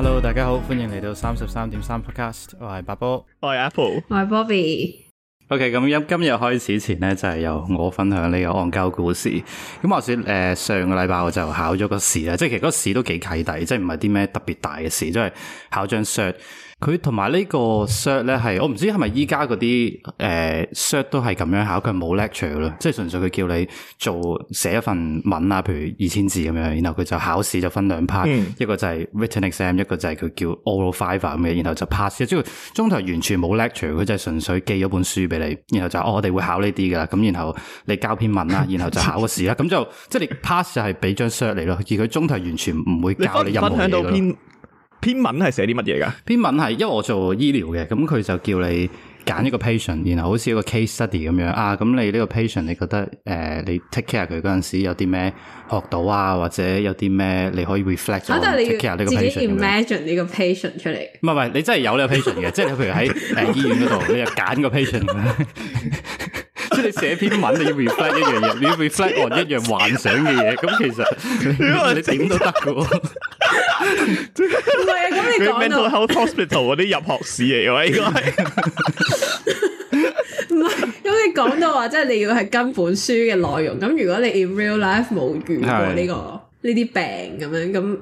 Hello，大家好，歡迎嚟到三十三點三 Podcast，我係白波，我係 Apple，我係 Bobby。OK，咁今今日開始前咧，就係由我分享呢個戇鳩故事。咁話說誒，上個禮拜我就考咗個試啦，即係其實嗰個試都幾契弟，即係唔係啲咩特別大嘅事，即係考張 cert。佢同埋呢個 cert 咧係，我唔知係咪依家嗰啲誒 cert 都係咁樣考，佢冇 lecture 嘅咯，即係純粹佢叫你做寫一份文啊，譬如二千字咁樣，然後佢就考試就分兩 part，、嗯、一個就係 written exam，一個就係佢叫 oral five 咁嘅，然後就 pass。即係中途完全冇 lecture，佢就係純粹寄咗本書俾你，然後就哦我哋會考呢啲噶，咁然後你交篇文啦，然後就考個試啦，咁 就即係你 pass 就係俾張 cert 嚟咯，而佢中途完全唔會教你任何嘢咯。篇文係寫啲乜嘢噶？篇文係，因為我做醫療嘅，咁佢就叫你揀一個 patient，然後好似一個 case study 咁樣啊。咁你呢個 patient，你覺得誒、呃，你 take care 佢嗰陣時有啲咩學到啊？或者有啲咩你可以 reflect？啊就是、你 take care 呢個 patient、自己 imagine 呢個 patient 出嚟。唔係唔係，你真係有呢個 patient 嘅，即係你譬如喺誒、呃、醫院嗰度，你又揀個 patient。 即 你寫篇文，你要 reflect 一樣嘢，你要 reflect on 一樣幻想嘅嘢，咁 其實你點 都得噶。唔係啊，咁你講到 mental hospital 嗰啲入學史嚟噶，應該係唔係？咁你講到話，即係你要係跟本書嘅內容。咁如果你 in real life 冇遇過呢，這個呢啲的病咁樣咁。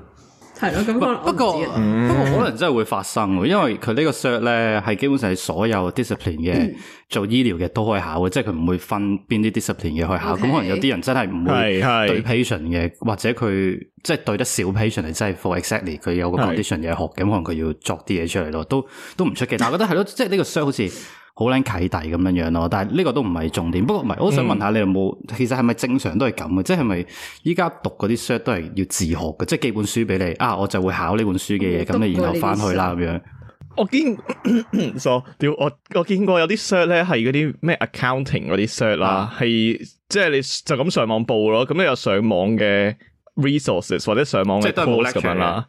係咯，不過不過，嗯、不過可能真係會發生喎，因為佢呢個 cert 咧係基本上係所有 discipline 嘅、嗯、做醫療嘅都可以考嘅，即係佢唔會分邊啲 discipline 嘅去考，考。咁 okay, 可能有啲人真係唔會對 patient 嘅，或者佢即係對得少 patient，係真係 for exactly 佢有個 condition 嘢學嘅，是可能佢要作啲嘢出嚟咯，都都唔出奇。但係我覺得係咯，即係呢個 cert 好似。好撚契弟咁樣樣咯，但係呢個都唔係重點。不過唔係，我想問下你有冇，其實係咪正常都係咁嘅？即係咪依家讀嗰啲書都係要自學嘅？即係寄本書俾你啊，我就會考呢本書嘅嘢，咁你，你然後翻去啦咁這樣。我見所，屌我我見過有啲 shirt 咧係嗰啲咩 accounting 嗰啲 shirt 啦，係即係你就咁上網報咯，咁你有上網嘅 resources 或者上網嘅 course 咁樣啦。啊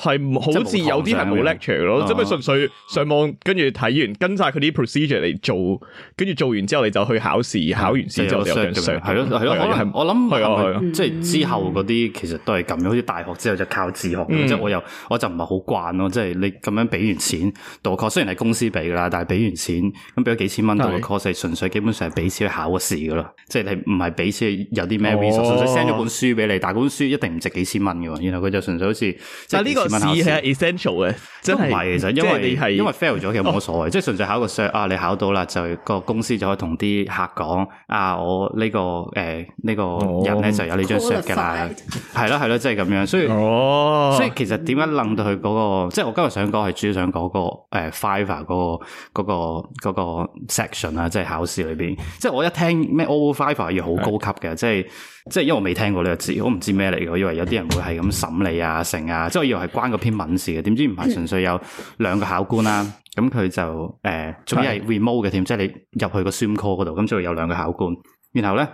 係好似有啲係冇 lecture 咯，即係純粹上網跟住睇完，跟晒佢啲 procedure 嚟做，跟住做完之後你就去考試，考完之後就入咁樣係咯，係咯，可能我啊。即係之後嗰啲其實都係咁，好似大學之後就靠自學。即係我又我就唔係好慣咯，即係你咁樣俾完錢 d e 雖然係公司俾噶啦，但係俾完錢咁俾咗幾千蚊到嘅 course，係純粹基本上係俾錢去考個試噶咯。即係你唔係俾錢有啲咩 r e 純粹 send 咗本書俾你，但係本書一定唔值幾千蚊噶。然後佢就純粹好似但係呢個。試係 essential 嘅，真係。其實因為你係因為 fail 咗其實冇乜所謂，哦、即係純粹考個 shot 啊，你考到啦，就個公司就可以同啲客講啊，我呢、這個誒呢、欸這個人咧就有呢張 shot 嘅，係啦係啦，即係咁樣。所以哦，所以其實點解楞到佢、那個？即係我今日想講係主要想講個誒 fiver、那個、那個、那個 section 的啊，即係考試裏邊。即係我一聽咩 all fiver 要好高級嘅，即係即係因為我未聽過咧，我唔知咩嚟嘅。我以為有啲人會係咁審理啊，成啊，即係我以為。關個篇文事嘅，點知唔係純粹有兩個考官啦，咁佢、嗯、就誒，仲要係 remote 嘅添，的即係你入去個 zoom call 嗰度，咁就會有兩個考官，然後咧。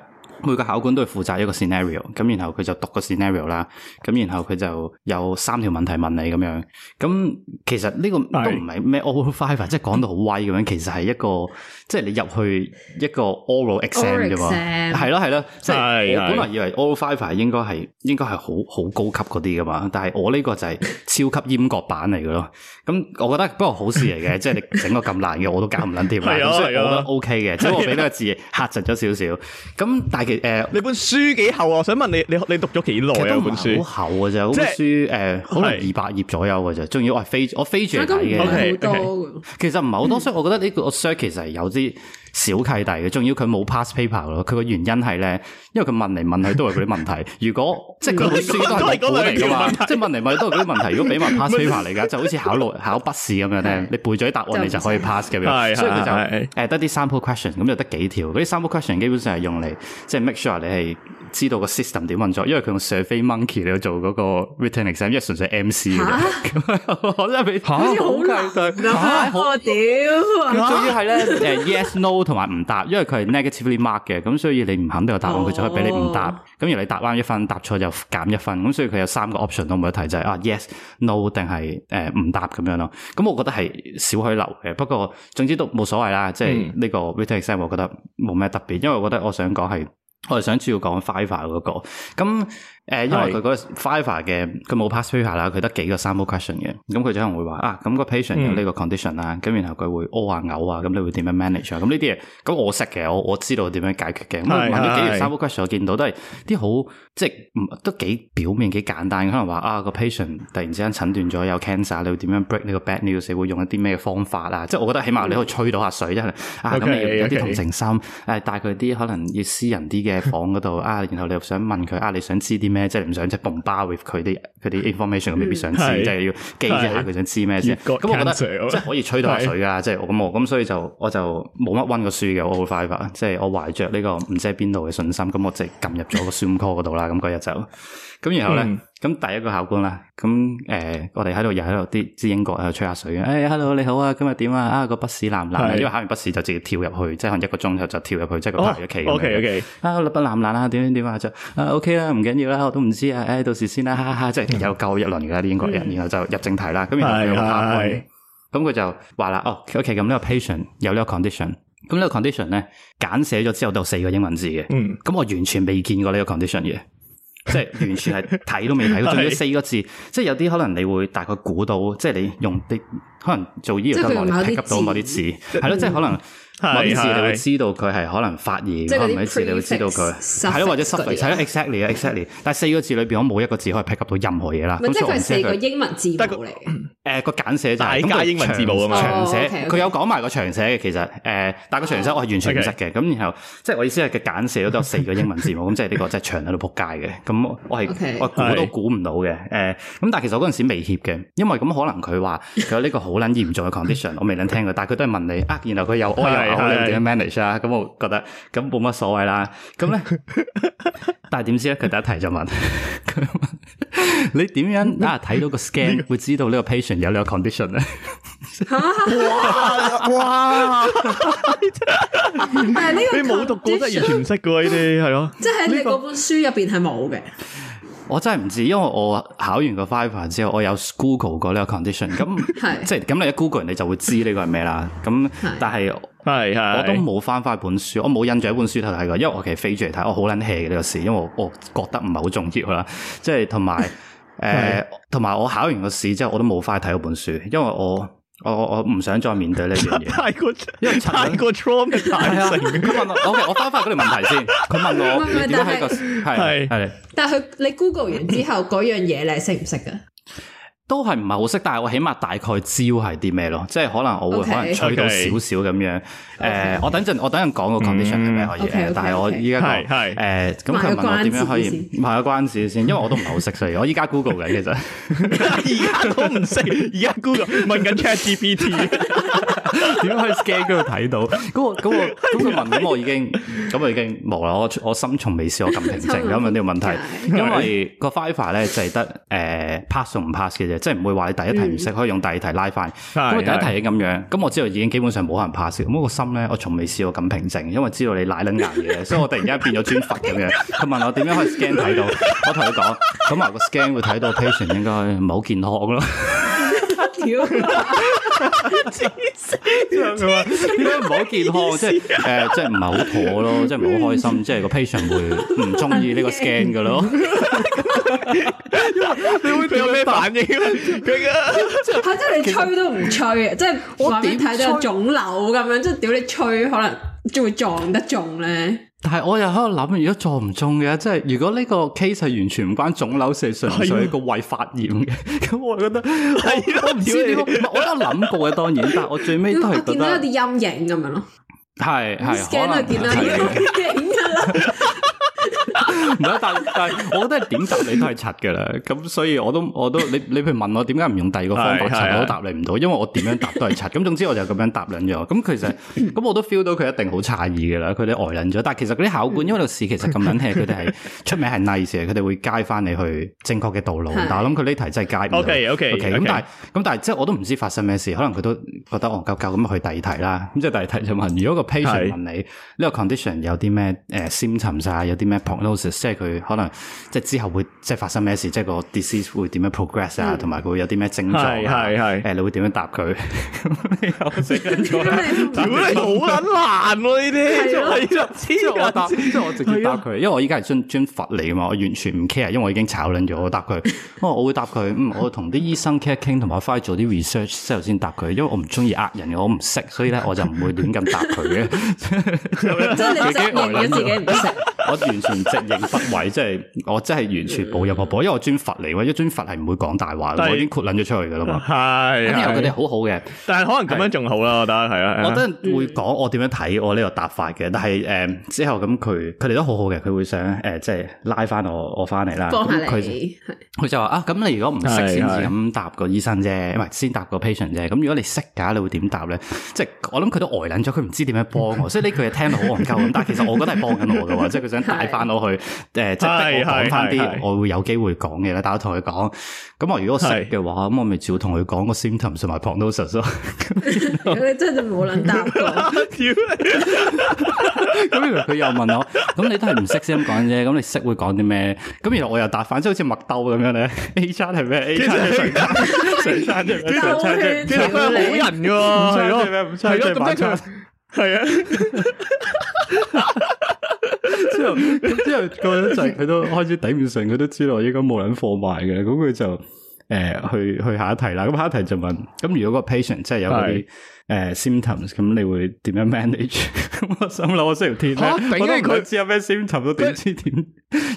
每個考官都係負責一個 scenario，咁然後佢就讀個 scenario 啦，咁然後佢就有三條問題問你咁樣，咁其實呢個都唔係咩 oral five 啊，即係講到好歪咁樣，其實係一個即係你入去一個 oral exam 嘅喎，係咯係咯，即係我本來以為 oral five 應該係應該係好好高級嗰啲噶嘛，但係我呢個就係超級閹割版嚟噶咯，咁我覺得不過好事嚟嘅，即係你整個咁難嘅我都搞唔捻掂，所以我覺得 OK 嘅，即係我俾呢個字吓窒咗少少，咁但 誒，uh, 你本書幾厚啊？我想問你，你你讀咗幾耐啊？ 本書好厚嘅啫，即係誒，可能二百頁左右嘅啫。仲要、哎、我飛，我飛住嚟睇嘅，其實唔係好多，所以我覺得呢個我 search 其實有啲小契弟嘅。仲要佢冇 pass paper 咯，佢個原因係咧，因為佢問嚟問去都係佢啲問題。 如果即係佢本書都係本嚟㗎嘛，即係問嚟問去都係嗰啲問題。如果俾埋 pass paper 嚟㗎，就好似考內考筆試咁樣咧，你背咗啲答案你就可以 pass 嘅。所以就誒得啲 sample question，咁就得幾條。嗰啲 sample question 基本上係用嚟即係 make sure 你係知道個 system 點運作，因為佢用 survey monkey 嚟做嗰個 written exam，因為純粹 MC 嘅。嚇！嚇！嚇！嚇！嚇！嚇！yes no 同埋唔答，因為佢係 negatively mark 嘅。咁所以你唔肯定有答案，佢就可以俾你唔答。咁而你答返一份答錯就。減一分咁，所以佢有三個 option 都冇得提，就係、是、啊 yes no,、no 定係誒唔答咁樣咯。咁我覺得係少許留嘅，不過總之都冇所謂啦。嗯、即係呢個 i c t a x i n 我覺得冇咩特別，因為我覺得我想講係，我哋想主要講 fiber 嗰、那個咁。誒，因為佢嗰個 fiver 嘅，佢冇 past paper 下啦，佢得幾個 sample question 嘅，咁佢就可能會話啊，咁、嗰個 patient 有呢個 condition 啦，咁、嗯、然後佢會屙啊嘔啊，咁、嗯、你會點樣 manage 啊、嗯？咁呢啲嘢，咁我識嘅，我我知道點樣解決嘅。呢是幾個 sample question，是我見到都係啲好，是即係都幾表面幾簡單。可能話啊，個 patient 突然之間診斷咗有 cancer，你會點樣 break 呢個 bad news？會用一啲咩方法啊？即係我覺得起碼你可以吹到下水，即係、嗯、啊，咁 okay,、啊、你有啲同情心，誒、啊，帶佢啲可能要私人啲嘅房嗰度啊，然後你又想問佢啊，你想知啲？咩即係唔想即係 bombard with 佢啲佢啲 information，佢未必想知，是即係要記一下佢想知咩先。咁 've 我覺得 cancer. 即係可以吹到水噶，是即係咁，我咁所以就我就冇乜溫過書嘅，我好快噶，即係我懷着呢個唔知喺邊度嘅信心，咁我即係撳入咗個 Zoom call 度啦，咁嗰日就。咁然後咧，咁、嗯、第一個考官啦，咁誒、呃，我哋喺度又喺度啲啲英國喺度吹下水嘅。誒、哎，hello 你好啊，今日點啊？啊個筆試難唔難？啊，是因為考完筆試就直接跳入去，即係可能一個鐘就就跳入去，即係個排一期咁樣。O K O K 啊，筆筆難唔難啊？點點點啊就啊 O K 啦，唔、okay 啊、緊要啦、啊，我都唔知啊。誒、哎，到時先啦、啊，嚇嚇即係有夠一輪㗎啲英國人，嗯、然後就入正題啦。咁然後佢咁佢就話啦，哦 O K，咁呢個 patient 有呢個 condition，咁呢個 condition 咧簡寫咗之後，都有四個英文字嘅。嗯，咁我完全未見過呢個 condition 嘅。 即係完全係睇都未睇到，仲要四個字， 對 即係有啲可能你會大概估到，即係你用啲可能做醫療嘅， 即係睇唔到某啲字，係咯，即係可能。某啲字你會知道佢係可能發熱，可能啲字你會知道佢係咯，或者濕，係咯，exactly，exactly。但係四個字裏邊我冇一個字可以 pick up 到任何嘢啦。唔係，即係四個英文字母嚟。誒個簡寫就係咁，英文字母啊嘛。長寫佢有講埋個長寫嘅，其實誒，但係個長寫我係完全唔識嘅。咁然後即係我意思係個簡寫都得四個英文字母，咁即係呢個即係長喺度仆街嘅。咁我係我估都估唔到嘅。誒咁，但係其實我嗰陣時未協嘅，因為咁可能佢話佢有呢個好撚嚴重嘅 condition，我未諗聽佢，但係佢都係問你啊，然後佢又。睇下你點樣 manage 啦，咁我覺得咁冇乜所謂啦。咁咧， 但係點知咧？佢第一題就問：佢問你點樣啊？睇到個 scan、 這個、會知道呢個 patient 有呢個 condition 咧、啊？哇 哇！哇 你冇讀過，完全唔識，各位哋係咯，即係喺你嗰本書入邊係冇嘅。我真係唔知，因為我考完個 FIFA 之後，我有 Google 過呢個 condition，咁 是即係咁你一 Google 你就會知呢個係咩啦。咁但係我都冇翻翻本書，我冇印住一本書睇過，因為我其實飛住嚟睇，我好捻 hea 嘅呢個事，因為我我覺得唔係好重要啦。即係同埋誒，同埋 是、呃、我考完個試之後，我都冇翻去睇嗰本書，因為我。我我我唔想再面對呢樣嘢，太過，因為太過 trauma。係啊，佢問我，OK，我翻翻嗰條問題先。佢問我點解個係係。但係你 Google 完之後嗰樣嘢，你識唔識噶？都係唔係好識，但係我起碼大概知係啲咩咯，即係可能我會可能取到少少咁樣。誒，我等陣我等陣講個 condition 係咩，可以但係我依家講係咁，佢問我點樣可以係關事先，因為我都唔係好識，所以我依家 Google 嘅，其實，而家都唔識，而家 Google 問緊 ChatGPT 點樣可以 scan 佢睇到，嗰個嗰個嗰個我已經咁已經無啦，我我心從未試過咁平靜。咁問呢個問題，因為個 FIFA 咧就係得誒 pass 同唔 pass 嘅啫。即係唔會話你第一題唔識、嗯、可以用第二題拉翻，因為、嗯、第一題係咁樣，咁是我知道已經基本上冇人怕笑，咁我個心咧我從未試過咁平靜，因為知道你奶舐卵嘢，所以我突然間變咗專佛咁樣。佢 問我點樣可以 scan 睇到，我同佢講，咁啊個 scan 會睇到 patient 應該唔係好健康咯。 屌， 黐線，黐線，呢啲唔係好健康， 即係誒、呃，即係唔係好妥咯，即係唔好開心，即係個 patient 會唔中意呢個 scan 嘅咯。 因為你會有咩反應啊？佢 啊，吓，即係你吹都唔吹啊！即係我點睇都有腫瘤咁樣，即係屌你吹，可能仲會撞得中咧。但係我又喺度諗，如果撞唔中嘅，即係如果呢個 case 完全唔關腫瘤事，純粹不一個胃發炎嘅，咁、 嗯、我覺得係咯，唔知點，我都有諗過嘅，當然，但係我最尾都係見到有啲陰影咁樣咯，係係可能見到啲陰影噶啦。 嗯 但但係，我覺得係點答你都係柒嘅啦。咁所以我都我都你你譬如問我點解唔用第二個方法答 我答你唔到，因為我點樣答都係柒。咁總之我就咁樣答撚咗。咁其實咁我都 feel 到佢一定好詫異嘅啦。佢哋呆撚咗。但係其實嗰啲考官因為個試其實咁撚 hea 佢哋係出名係 nice 佢哋會 guide 翻你去正確嘅道路。 但係我諗佢呢題真係 guide 唔到。OK OK OK, okay。咁但係咁但係即係我都唔知發生咩事，可能佢都覺得戇鳩鳩咁去第二題啦。咁即係第二題就問：如果個 patient 問你呢是個 condition 有啲咩誒先尋曬有啲咩佢可能即係之後會即係發生咩事，即係個 disease 會點樣 progress 啊，同埋佢會有啲咩症狀啊？係係誒，你會點樣答佢？好難喎呢啲，係啊，黐線，我答，黐我直接答佢。因為我依家係專專佛嚟嘅嘛，我完全唔 care，因為我已經炒卵咗，我答佢。我我會答佢，我同啲醫生 care 傾一傾，同埋翻去做啲 research 之後先答佢。因為我唔中意呃人嘅，我唔識，所以咧我就唔會亂咁答佢嘅。真係自己唔識，我完全直認不。位即係我，真係完全冇任何波，因為我尊佛嚟，我一尊佛係唔會講大話，我已經豁捻咗出去噶啦嘛。係咁，佢哋好好嘅，但係可能咁樣仲好啦，我得係啦。我真係會講我點樣睇我呢個答法嘅，但係誒之後咁佢佢哋都好好嘅，佢會想誒即係拉翻我我翻嚟啦。幫下你，佢就話啊，咁你如果唔識先至咁答個醫生啫，因為先答個 patient 啫。咁如果你識噶，你會點答咧？即係我諗佢都呆捻咗，佢唔知點樣幫我，所以呢句嘢聽到好憨鳩咁。但係其實我覺得係幫緊我噶喎，即係佢想帶翻我去。即係逼我講翻啲，我會有機會講嘅咧。但我同佢講，咁我如果識嘅話，咁我咪照同佢講個 symptoms 同埋 prognosis 咯。你真係冇諗到，咁原來佢又問我，咁你都係唔識先講啫。咁你識會講啲咩？咁原來我又答，反正好似麥兜咁樣咧。A 餐係咩？A 餐水叉，水叉，水叉，水叉，好人噶，唔錯，唔錯，咁得唔得？係啊。之後咁之後過咗一陣，佢都開始頂唔順，佢都知道，應該冇人貨賣嘅。咁佢就誒去去下一題啦。咁下一題就問：咁如果個 patient 即係有啲誒 symptoms，咁你會點樣 manage？我心諗我需要填咧。點解佢知有咩 symptoms 都唔知點？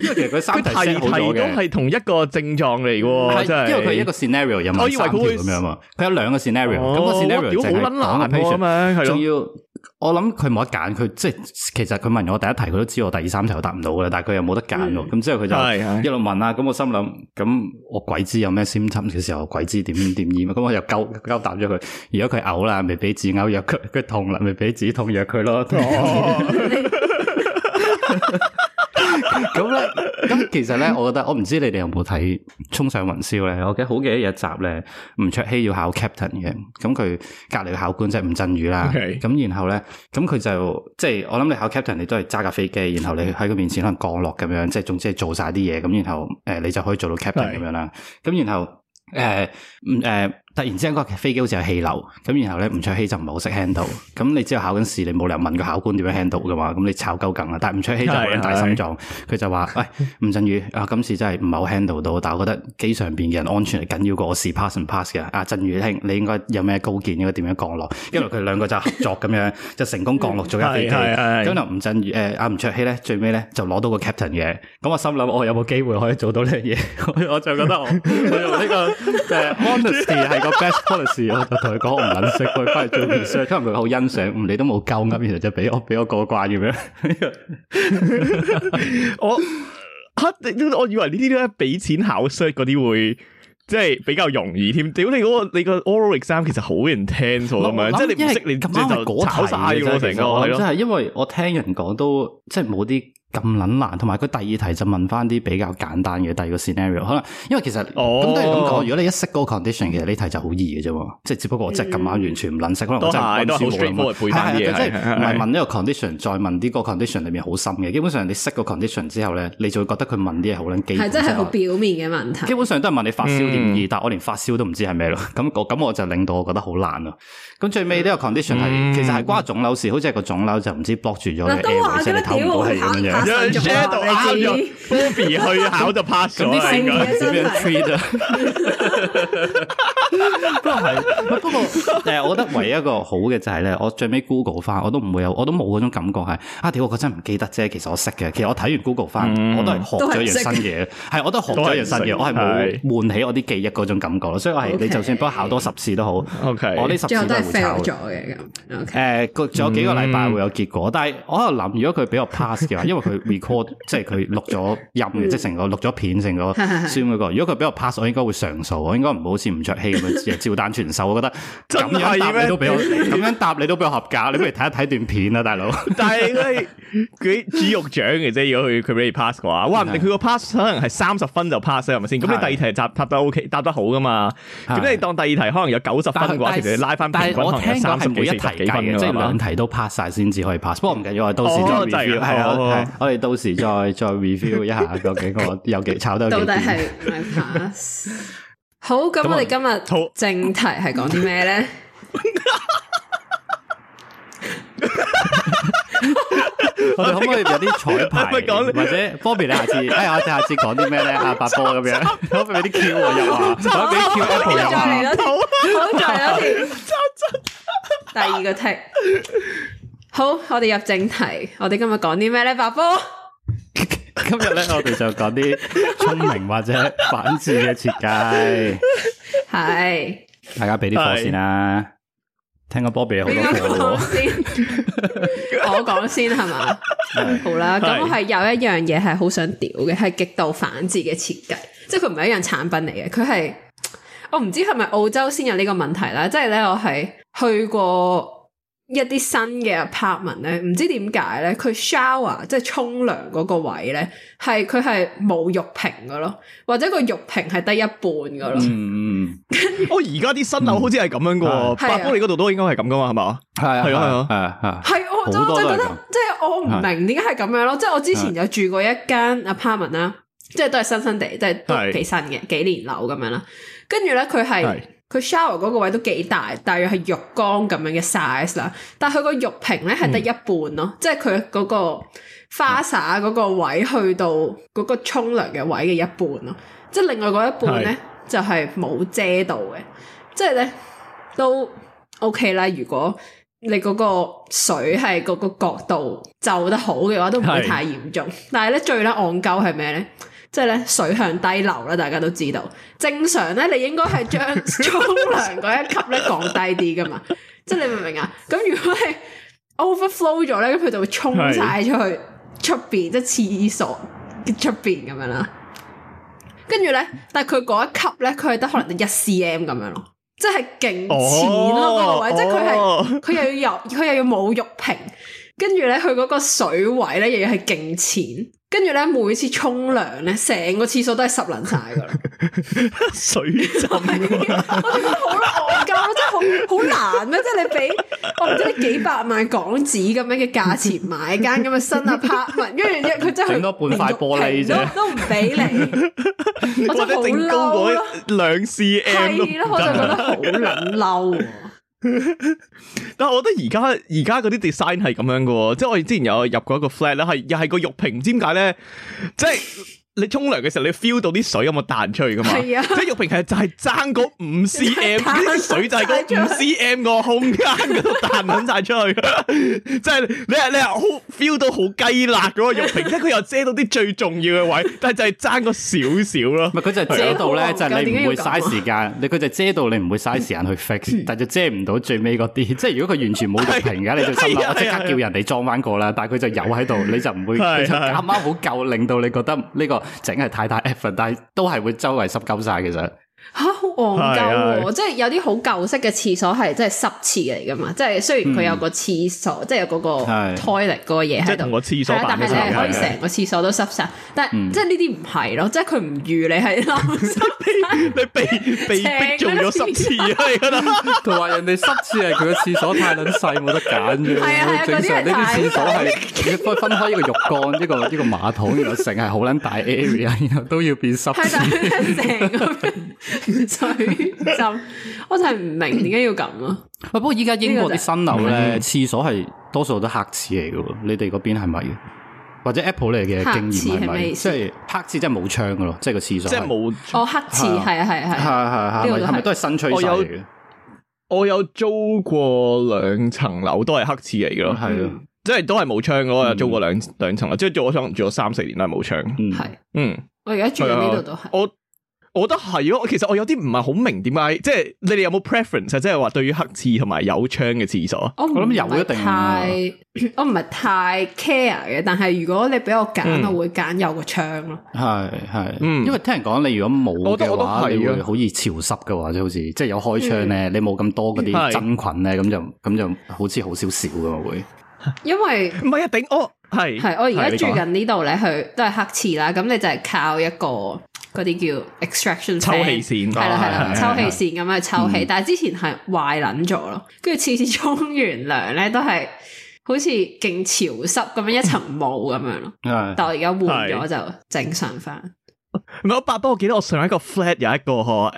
因為其實佢三題 set 好咗嘅。題題都係同一個症狀嚟嘅，真係。因為佢一個 scenario 有問三條咁樣啊。佢有兩個 scenario，咁個 scenario 好撚難 patient 啊，仲要。我諗佢冇得揀，佢即係其實佢問咗我第一題，佢都知道我第二三題答唔到嘅，但係佢又冇得揀。咁之後佢就一路問啦。咁是是 我心諗，咁、嗯、我鬼知有咩先心嘅時候，鬼知點點醫，咁我又交交答咗佢。如果佢嘔啦，咪俾止嘔藥佢；佢痛啦，咪俾止痛藥佢咯。咁咧、 嗯。 其實咧，我覺得我唔知你哋有冇睇《衝上雲霄》咧，我記得好記得有一集咧，吳卓羲要考 captain 嘅，咁佢隔籬嘅考官就吳鎮宇啦。咁 Okay. 然後咧，咁佢就即係我諗你考 captain，你都係揸架飛機，然後你喺佢面前可能降落咁樣，即係總之係做晒啲嘢，咁然後誒、呃，你就可以做到 captain 咁樣啦。咁 Right. 然後誒，誒、呃。呃呃突然之間個飛機好似係氣流咁，然後咧吳卓羲就唔係好識 handle，咁你知道考緊試，你冇理由問個考官點樣 handle 㗎嘛，咁你炒鳩梗啦。但係吳卓羲就冇咁大心臟，佢是是 就話：喂、哎，吳振宇啊，今次真係唔係好 handle 到，但係我覺得機上邊嘅人安全係緊要過我試 pass 唔 pass 嘅。阿、 啊、振宇兄，你應該有咩高見應該點樣降落？跟住佢兩個就合作咁樣，就 成功降落咗一架飛機。咁又吳振宇誒阿、啊、吳卓羲咧最尾咧就攞到個 captain 嘅，咁我心諗我有冇機會可以做到呢樣嘢？ 我就覺得我， 我用呢、這個誒 honesty 個音色 best policy，我就同佢講唔捻識佢翻嚟做面試，可能佢好欣賞。嗯，你都冇夠啱，然後就俾我俾我過關咁樣。 我我以為呢啲咧俾錢考衰嗰啲會即係比較容易添。屌你嗰個你個 oral exam 其實好難聽咁樣，即係你唔識今 你即係就過晒啫。其實真係，因為我聽人講都即係冇啲。咁撚難，同埋佢第二題就問翻啲比較簡單嘅第二個 scenario，可能因為其實咁、oh. 都係咁講。如果你一識嗰個 condition，其實呢題就好易嘅啫，即係只不過我即係咁啱完全唔撚識，可能我真係揾書冇咁多背，即係唔係問呢個 condition，再問啲個 condition 裏面好深嘅。基本上你識個 condition 之後咧，你就會覺得佢問啲嘢好撚基，係真係好表面嘅問題。基本上都係問你發燒點醫，嗯、但我連發燒都唔知係咩咯。咁我咁我就令到，我覺得好難啊。咁最尾呢個 condition 係、嗯、其實係關腫瘤事，好似係個腫瘤就唔知 block 住咗你 airway，成咁樣。用 Shadow copy 去考就 pass 咗啦，點樣 treat 啊？不唔係，不過誒，我覺得唯一一個好嘅就係咧，我最尾 Google 翻，我都唔會有，我都冇嗰種感覺係，啊屌，我真係唔記得啫。其實我識嘅，其實我睇完 Google 翻，我都係學咗一樣新嘢，係我都係學咗一樣新嘢，我係冇喚起我啲記憶嗰種感覺咯。所以我係你就算幫考多十次都好，我呢十次都 fail 咗嘅咁。誒，仲有幾個禮拜會有結果，但係我喺度諗，如果佢俾我 pass 嘅話，因為佢 record 即係佢錄咗音嘅，即係成個錄咗片，成個選一個。如果佢俾我 pass，我應該會上訴，我應該唔好似唔着氣咁照單全收。我覺得咁樣答你都俾我，咁樣答你都俾我合格。你不如睇一睇段片啊，大佬。但係佢佢豬肉獎嘅啫，如果佢俾你 pass 嘅話，哇，話唔定佢個 pass 可能係三十分就 pass 啦，係咪先？咁你第二題答答得 OK，答得好噶嘛？咁你當第二題可能有九十分嘅話，其實你拉翻，但係我聽講係每一題加嘅，即係兩題都 pass 晒先至可以 pass。不過唔緊要啊，到時都係我哋到時再再 review 一下嗰幾個，有幾炒得。到底係唔係？好，咁我哋今日正題係講啲咩咧？我哋可唔可以有啲彩排？講或者方便你下次？哎呀，我哋下次講啲咩咧？啊，八哥咁樣，可唔可以啲 Q 入啊？可唔可以 Q Apple 入啊？好，再有第二個踢。好，我哋入正題。我哋今日講啲咩咧？白波， 今日咧我哋就講啲聰明或者反智嘅設計。係 是，大家俾啲波先啦，啊。是聽個波比好多波，啊，先， 我講先係嘛？ 是好啦，咁我係有一樣嘢係好想屌嘅，係極度反智嘅設計。即係佢唔係一樣產品嚟嘅，佢係我唔知係咪澳洲先有呢個問題啦。即係咧，我係去過。一啲新嘅 apartment 咧，唔知點解咧，佢 shower 即係沖涼嗰個位咧，係佢係冇浴屏嘅咯或者個浴屏係低一半嘅咯。嗯嗯。我而家啲新樓好似係咁樣嘅，百公里嗰度都應該係咁噶嘛，係嘛？係係啊係啊係啊。係我我就覺得即係我唔明點解係咁樣咯。即係我之前有住過一間 apartment 啦，即係都係新新地，即係都幾新嘅幾年樓咁樣啦。跟住咧佢係。佢 shower 嗰個位都幾大，大約係浴缸咁樣嘅 size 啦，但係佢個浴屏咧係得一半咯，即係佢嗰個花灑嗰個位去到嗰個沖涼嘅位嘅一半咯是，即係另外嗰一半咧就係冇遮到嘅，即係咧都 ok 啦。如果你嗰個水係嗰個角度就得好嘅話，都唔會太嚴重。是但係咧最咧戇鳩係咩咧？即係咧，水向低流啦，大家都知道。正常咧，你應該係將沖涼嗰一級咧降低啲噶嘛。 即係你明唔明啊？咁如果係 overflow 咗咧，咁佢就會沖晒出去出邊是，即係廁所出邊咁樣啦。跟住咧，但係佢嗰一級咧，佢係得可能一 cm 咁樣咯，即係勁淺咯嗰個位。Oh, oh. 即係佢係佢又要入，佢又要冇浴瓶。跟住咧佢嗰個水位咧，又要係勁淺。跟住咧，每次沖涼咧，成個廁所都係濕淋晒噶啦， 水浸了， 我覺得好戇鳩，真係好好難咩、啊？即係你俾我唔知你幾百萬港紙咁樣嘅價錢買間咁嘅新 part，跟住佢真係斷多半塊玻璃啫，都唔俾你， 我真係好嬲咯，兩 cm 咯，係咯， 我就覺得好撚嬲。 但係我覺得而家而家嗰啲 design 係咁樣嘅喔，即係我哋之前有入過一個 flat 咧，係又係個玉瓶，唔知點解咧？即係。 你沖涼嘅時候，你 feel 到啲水有冇彈出去㗎嘛？係啊，即係浴瓶其實就係爭嗰五 cm，啲水就係嗰五 cm 個空間嗰度彈緊晒出去，即係你係你係好 feel 到好雞肋嗰個浴瓶，因為佢又遮到啲最重要嘅位，但係就係爭個少少咯。唔係佢就遮到咧，就係你唔會嘥時間，你佢就遮到你唔會嘥時間去 fix，但就遮唔到最尾嗰啲。即係如果佢完全冇浴瓶嘅，你就心諗我即刻叫人哋裝翻個啦。但係佢就有喺度，你就唔會，你就啱啱好夠，令到你覺得呢個。整係太大 effort 但係都係會周圍濕溝晒，其實。吓，好憨鳩，即係有啲好舊式嘅廁所係即係濕廁嚟噶嘛，即係雖然佢有個廁所，即係有嗰個 toilet 嗰個嘢喺度，即係同個廁所，但係你可以成個廁所都濕晒。但係即係呢啲唔係咯，即係佢唔預你係咯，你被被逼做咗濕廁係噶啦。同埋人哋濕廁係佢個廁所太撚細，冇得揀啫。係啊，正常呢啲廁所係分分開一個浴缸，一個一個馬桶，然後成係好撚大 area，然後都要變濕就我真係唔明點解要咁咯。不過依家英國啲新樓咧，廁所係多數都黑廁嚟噶喎。你哋嗰邊係咪？或者 Apple 你哋嘅經驗係咪？即係黑廁即係冇窗噶咯，即係個廁所即係冇哦黑廁係啊係係係係係，呢個係咪都係新趨勢嚟嘅？我有我有租過兩層樓，都係黑廁嚟嘅咯，係咯，即係都係冇窗嗰個。租過兩兩層樓，即係租咗，住咗三四年都係冇窗。嗯，係嗯，我而家住喺呢度都係我。我覺得係咯，我其實我有啲唔係好明點解，即係你哋有冇 preference？即係話對於黑廁同埋有窗嘅廁所，我諗有一定，我唔係太 care 嘅。但係如果你俾我揀，我會揀有個窗咯。係係，嗯，因為聽人講，你如果冇嘅話，你會好易潮濕嘅話，即好似即係有開窗咧，你冇咁多嗰啲真菌咧，咁就咁就好似好少少嘛。會。因為唔係一定哦，係係，我而家住緊呢度咧，佢都係黑廁啦。咁你就係靠一個。嗰啲叫抽氣線，係啦係啦，抽氣線咁去抽氣，但係之前係壞撚咗咯，跟住次次沖完涼咧都係好似勁潮濕咁樣一層霧咁樣咯。但我而家換咗就正常返。唔係，我爸幫我記得我上一個 flat 有一個呵，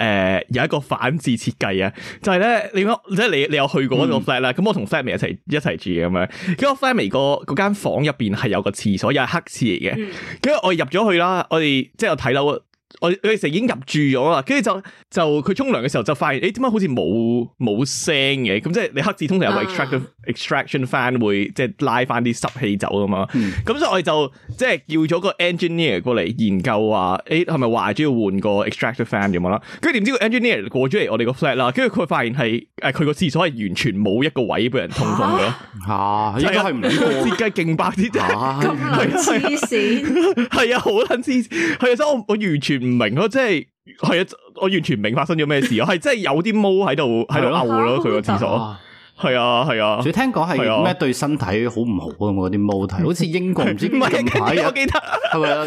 有一個反智設計啊，就係咧你即係你你有去過嗰個 flat 啦，咁我同 flat 妹一齊一齊住咁樣，咁我 flat 妹個嗰間房入邊係有個廁所，又係黑廁嚟嘅，跟住我入咗去啦，我哋即係我睇到。我我哋成已經入住咗啦，跟住就就佢沖涼嘅時候就發現，誒點解好似冇冇聲嘅？咁即係你黑字通常係 extract extraction fan 會即係拉翻啲濕氣走噶嘛？咁、uh, 所以我哋就即係叫咗個 engineer 過嚟研究啊，誒係咪壞咗要換個 extract fan 點樣啦？跟住點知個 engineer 過咗嚟我哋個 flat 啦，跟住佢發現係誒佢個廁所係完全冇一個位俾人通風嘅咯。吓、啊，依家佢唔設計勁白啲，咁黐線，係啊好撚黐，係啊所以我我完全，唔明咯，即係係啊！我完全唔明發生咗咩事，係 即係有啲毛喺度喺度嬲咯，佢個廁所。係啊係啊，仲聽講係咩對身體好唔好咁嗰啲毛，睇好似英國，唔知唔係啊，我記得係咪啊？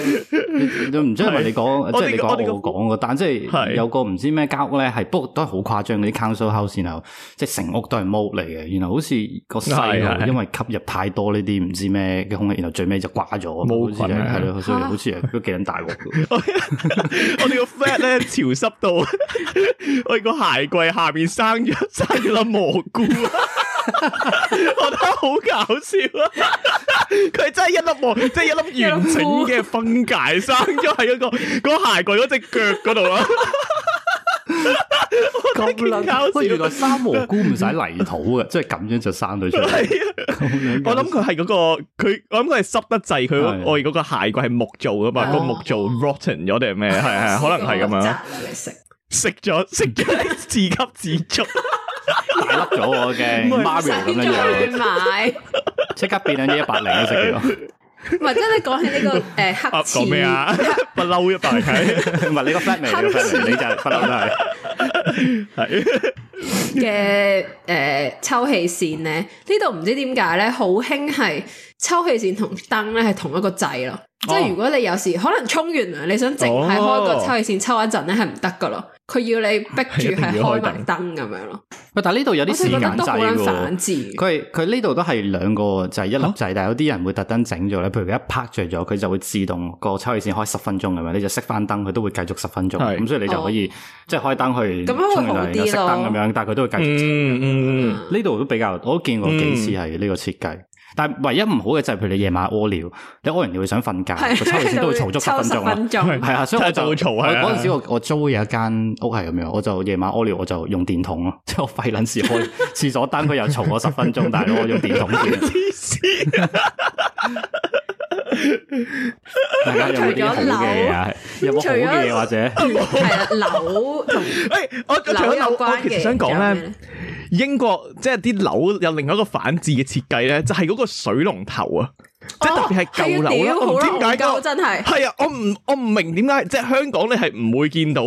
你唔知係咪你講？即係你哋我哋講嘅，但即係有個唔知咩間屋咧，係不過都係好誇張嗰啲 Council House，然後即係成屋都係毛嚟嘅，然後好似個細，因為吸入太多呢啲唔知咩嘅空氣，然後最尾就瓜咗，毛群係咯，所以好似都幾咁大鑊。我哋個 flat 咧潮濕到，我哋個鞋櫃下面生咗生咗粒蘑菇。 我覺得好搞笑啊！佢真係一粒，即係一粒完整嘅分界生咗喺一個個 鞋櫃嗰隻腳嗰度啦。咁搞笑、啊！原來生蘑菇唔使泥土嘅， 即係咁樣就生咗出嚟。我諗佢係嗰個佢，我諗佢係濕得滯。佢我而嗰個鞋櫃係木做噶嘛，個是、啊、木做 rotten 咗定係咩？係係 可能係咁樣食食咗食咗自給自足。 大粒咗我嘅 Mario 咁樣樣，即 刻變咗一百零都食咗。唔係，真係講起呢、這個誒、呃，黑啊？不嬲一派，唔係 你個 fat man，你就不嬲都係。係 嘅， 誒、呃，抽氣扇咧，呢度唔知點解咧，好興係抽氣扇同燈咧係同一個掣咯。Oh. 即係如果你有時可能沖完啊，你想淨係開個抽氣扇抽一陣咧，係唔得噶咯。佢要你逼住係開埋燈咁樣咯，喂！但係呢度有啲時間掣喎，佢係佢呢度都係兩個掣，就係，一粒掣，啊，但係有啲人會特登整咗咧，譬如佢一拍着咗，佢就會自動個抽氣扇開十分鐘咁樣，你就熄翻燈，佢都會繼續十分鐘，咁是所以你就可以、哦、即係開燈去沖完涼熄燈咁樣，但係佢都會繼續嗯。嗯嗯以嗯，呢度都比較我都見過幾次係呢個設計。嗯但係唯一唔好嘅就係，譬如你夜晚屙尿，你屙完尿會想瞓覺，個對抽水聲都嘈足十分鐘啦。係啊，所以我就會嘈，嗰陣時我我租有一間屋係咁樣，我就夜晚屙尿我就用電筒咯，即係我費卵事開廁所燈，佢 又嘈我十分鐘，但係我用電筒先。 神經病 大家有冇好嘅嘢、啊？了有冇好嘅嘢？了或者，係啊 和，樓同誒，我仲有有關其實想講咧，英國即係啲樓有另外一個反智嘅設計咧，就係、是、嗰個水龍頭啊。即係特別係舊樓啦，我唔知點解。真係？係啊。我唔我唔明點解？即係香港咧係唔會見到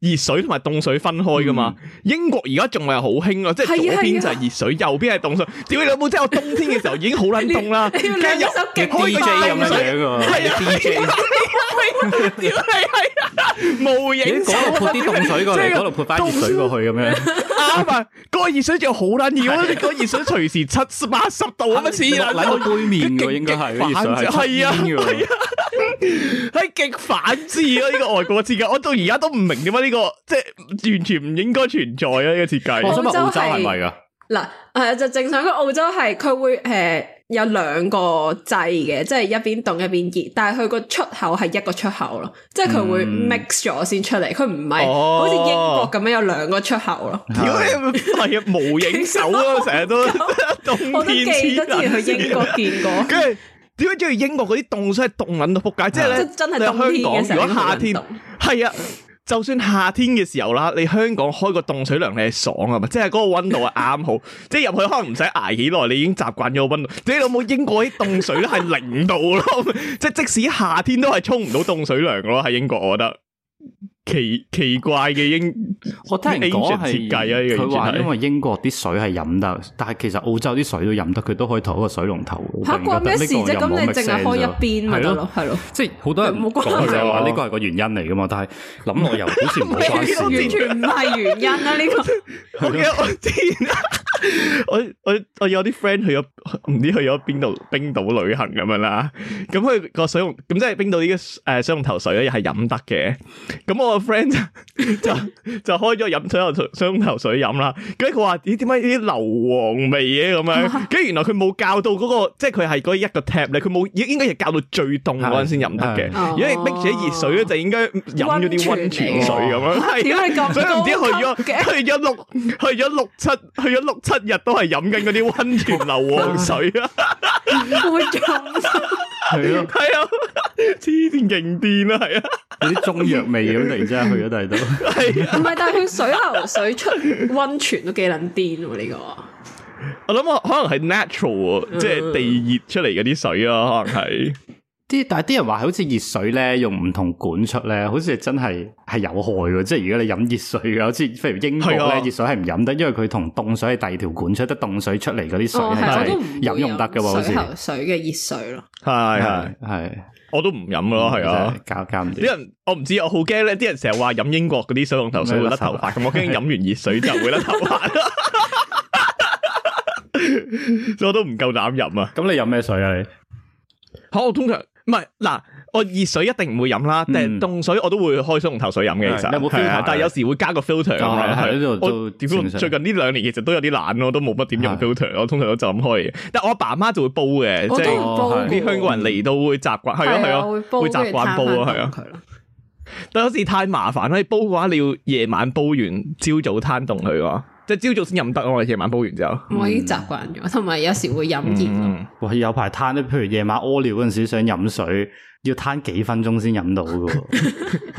熱水同埋凍水分開噶嘛？英國而家仲係好興啊！即係左邊就係熱水，右邊係凍水。點，你有冇即係我冬天嘅時候已經好撚凍啦？跟住又開個賣水啊！你屌係啊！無影嗰度潑啲凍水過嚟，嗰度潑翻熱水過去咁樣。啱啊，嗰個熱水就好卵熱，我覺得熱水隨時七八十度咁啊似啦。嗱個對面個應該係，係啊，係啊，係極反智咯呢個外國設計，我到而家都唔明點解呢個即係完全唔應該存在啊呢個設計。我想問澳洲係咪噶？嗱，係啊，就正常。佢澳洲係佢會誒。有兩個掣嘅，即係一邊凍一邊熱，但係佢個出口係一個出口咯，即係佢會 mix 咗先出嚟，佢唔係好似英國咁樣有兩個出口咯。如果你唔係無影手啊，成日都 實我， 我都記得之前去英國見過。跟住點解中意英國嗰啲凍，真係凍捻到撲街，即係咧。真真係冬天嘅時候你唔凍。如果夏天，係啊冷。就算夏天嘅時候啦，你香港開個凍水涼，你係爽啊嘛，即係嗰個溫度係啱好， 即係入去可能唔使捱幾耐，你已經習慣咗個溫度。你有冇英國啲凍水咧係零度咯， 即係即使夏天都係沖唔到凍水涼咯，喺英國我覺得。奇奇怪嘅英，我聽人講係設計啊。佢話因為英國啲水係飲得，但係其實澳洲啲水都飲得，佢都可以同一個水龍頭。吓，嗰時即係咁，你淨係開一邊咪得咯。係咯，即係好多人。佢就話呢個係個原因嚟噶嘛？但係諗落又好似完全完全唔係原因啊。呢個我我我有啲 friend 去咗唔知去咗邊度冰島旅行咁樣啦，咁佢個水龍咁即係冰島啲誒水龍頭水咧，又係飲得嘅，咁我。friend 就就開咗飲水，水飲，水雙頭水飲啦。跟住佢話咦，點解啲硫磺味嘅咁樣？跟住原來佢冇教到嗰、嗰個，即係佢係嗰一個 tap 咧，佢冇應應該係教到最凍嗰陣先飲得嘅。是是如果你逼住啲熱水咧，就應該飲咗啲溫泉水咁樣。點你咁多？所以唔知去咗 去咗六去咗六七去咗六七日都係飲緊嗰啲溫泉硫磺水啊！會？ 係啊，係啊，黐癲勁癲啦，係啊，有啲中藥味咁 突然之間去咗第度，係唔係？但係佢水流水出溫泉都幾撚癲喎，呢個 我諗啊，可能係 natural 啊， 即係地熱出嚟嗰啲水啊，可能係。 啲但係啲人話好似熱水咧，用唔同管出咧，好似真係係有害嘅。即係如果你飲熱水嘅，好似譬如英國咧，熱水係唔飲得，因為佢同凍水係第二條管出，得凍水出嚟嗰啲水係飲用得嘅。好似水嘅熱水咯，係係係，我都唔飲咯，係啊，搞搞啲。啲人我唔知，我好驚咧。啲人成日話飲英國嗰啲水龍頭水會甩頭髮，咁我驚飲完熱水就會甩頭髮。所以我都唔夠膽飲啊。咁你飲咩水啊？你，我通常。唔係嗱，我熱水一定唔會飲啦，但係凍水我都會開龍頭水飲嘅其實。有冇 filter？但有時會加個 filter。係喺最近呢兩年其實都有啲懶咯，都冇乜點用 filter。我通常都就咁開嘢，但係我阿爸阿媽就會煲嘅，即係啲香港人嚟到會習慣。係咯係咯，會習慣煲咯，係啊。但有時太麻煩啦，煲嘅話你要夜晚煲完，朝早攤凍佢喎。即朝早先飲得啊，我哋夜晚煲完之後，我已經習慣咗，同埋有時會飲熱。有排攤咧，譬如夜晚屙尿嗰陣時想飲水，要攤幾分鐘先飲到嘅，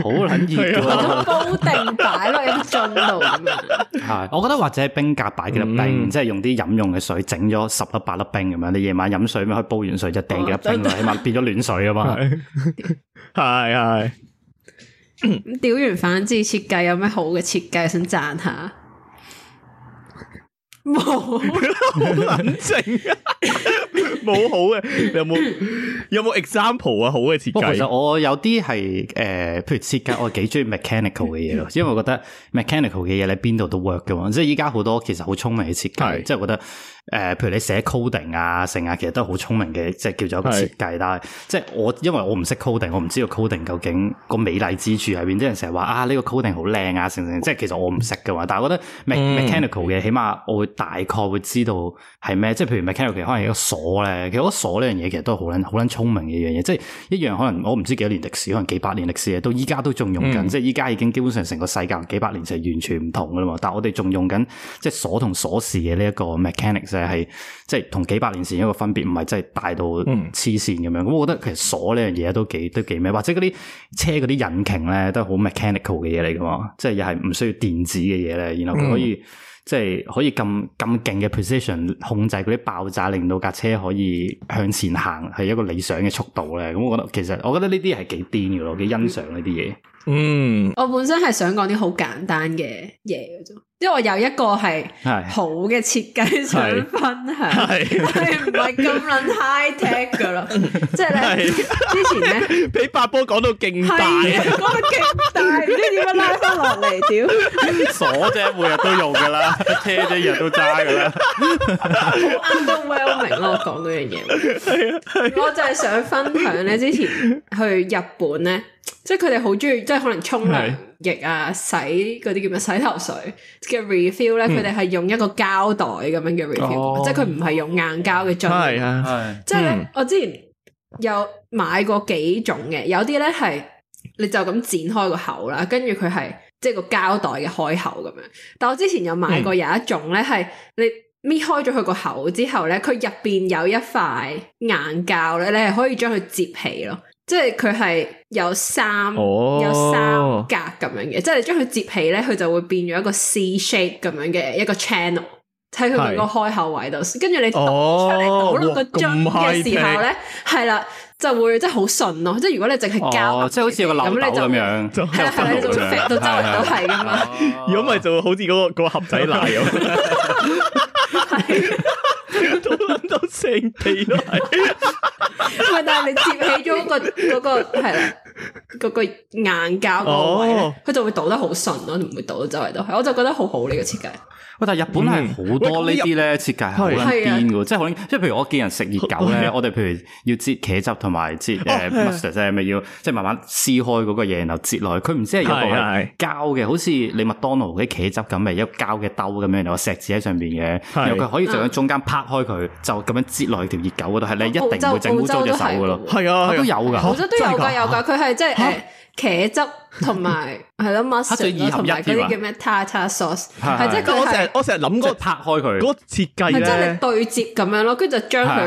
好捻熱。嗰種煲定擺落喺樽度咁樣。係，我覺得或者冰格擺幾粒冰，即係用啲飲用嘅水整咗十粒八粒冰咁樣。你夜晚飲水咪可以煲完水就掟幾粒冰，起碼變咗暖水啊嘛。係係。咁屌完反智設計，有咩好嘅設計想讚下？冇， 冷靜啊、 好冷靜啊！冇好嘅，有冇有冇 example 啊？好嘅設計，其實我有啲係誒，譬如設計我幾中意 mechanical 嘅嘢咯， 因為我覺得 mechanical 嘅嘢喺邊度都 work 㗎嘛，即係依家好多其實好聰明嘅設計，是即係我覺得。誒、呃，譬如你寫 coding 啊，成啊，其實都係好聰明嘅，即係叫做一個設計。但是即係我因為我唔識 coding，我唔知道 coding 究竟個美麗之處喺邊。啲人成日話啊，呢、這個 coding 好靚啊，成成。即係其實我唔識嘅嘛。但係我覺得 mechanical 嘅，起碼我會大概會知道係咩。嗯、即係譬如 mechanical，可能係一個鎖咧。其實嗰鎖呢樣嘢其實都係好捻好捻聰明嘅一樣嘢。即係一樣可能我唔知幾多年歷史，可能幾百年歷史到依家都仲用緊。嗯、即係依家已經基本上成個世界幾百年就完全唔同噶啦嘛。但係我哋仲用緊即係鎖同鎖匙嘅呢一個 mechanics。就係即係同幾百年前一個分別，唔係真係大到黐綫咁樣。咁、嗯、我覺得其實鎖呢樣嘢，都幾都幾咩，或者嗰啲車嗰啲引擎咧都係好 mechanical 嘅嘢嚟噶嘛，即係又係唔需要電子嘅嘢咧。然後佢可以、嗯、即係可以咁咁勁嘅 position 控制嗰啲爆炸，令到架車可以向前行係一個理想嘅速度咧。咁我覺得其實我覺得呢啲係幾癲噶，我幾欣賞呢啲嘢。嗯，嗯我本身係想講啲好簡單嘅嘢。因為我有一個係好嘅設計想分享，係但唔係咁捻 high tech 噶啦。即係咧之前咧，俾八波講到勁大，講到勁大，唔知點樣拉翻落嚟，屌！鎖啫，每日都用噶啦車啫，日日都揸噶啦，好 underwhelming 咯。講到樣嘢，我就係想分享咧，之前去日本咧，即係佢哋好中意，即係可能沖涼液啊，洗嗰啲叫咩？洗頭水嘅 refill 咧，佢哋係用一個膠袋咁樣嘅 refill，即係佢唔係用硬膠嘅樽。真係啊！啊即係咧，嗯、我之前有買過幾種嘅，有啲咧係，你就咁剪開個口啦，跟住佢係即係個膠袋嘅開口咁樣。但我之前有買過有一種咧，係你搣開咗佢個口之後咧，佢入邊有一塊硬膠咧，你係可以將佢接起咯。即係佢係有三有三格咁樣嘅，即係將佢摺起咧，佢就會變咗一個 C shape 咁樣嘅一個 channel 喺佢每個開口位度，跟住你你倒落個樽嘅時候咧，係啦就會即係好順咯。即係如果你淨係夾，即係好似個漏口咁樣，係係你就會 fit 到周圍都係噶嘛。如果唔係就好似嗰個個盒仔奶咁。都搵到成地咯，係，唔係？但係你接起咗個嗰個係啦。嗰個硬膠嗰個位佢就會倒得好順咯，唔會倒到周圍都係。我就覺得好好呢個設計。喂，但係日本係好多呢啲咧，設計係好驚癲噶，即係可能，即係譬如我見人食熱狗咧，我哋譬如要擠茄汁同埋擠誒 mustard 咪要即係慢慢撕開嗰個嘢，然後擠落去。佢唔知係一個膠嘅，好似你麥當勞啲茄汁咁，咪一個膠嘅兜咁樣，有個錫紙喺上邊嘅，然後佢可以就喺中間拍開佢，就咁樣擠落去條熱狗嗰度。係你一定會整污糟隻手噶咯。係啊，都有噶，澳洲都有噶，有噶，佢係。即係誒，茄汁同埋係咯 mustard 同埋嗰啲叫咩？塔塔 sauce，係即係。我成日我成日諗嗰個拍開佢嗰個設計咧，即係對接咁樣咯，跟住就將佢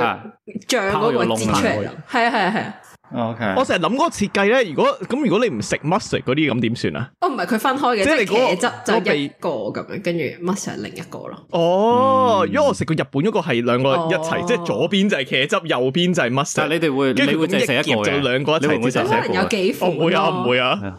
將嗰個接出嚟。係啊係啊係啊！我成日諗嗰個設計咧，如果咁如果你唔食 mustard 嗰啲，咁點算啊？哦，唔係佢分開嘅，即係你茄汁就一個咁樣，跟住 mustard 另一個咯。哦，因為我食過日本，嗰個係兩個一齊，即係左邊就係茄汁，右邊就係 mustard。但你哋會，你會淨食一個嘅？兩個一齊先食。可能有幾款。唔會啊，唔會啊。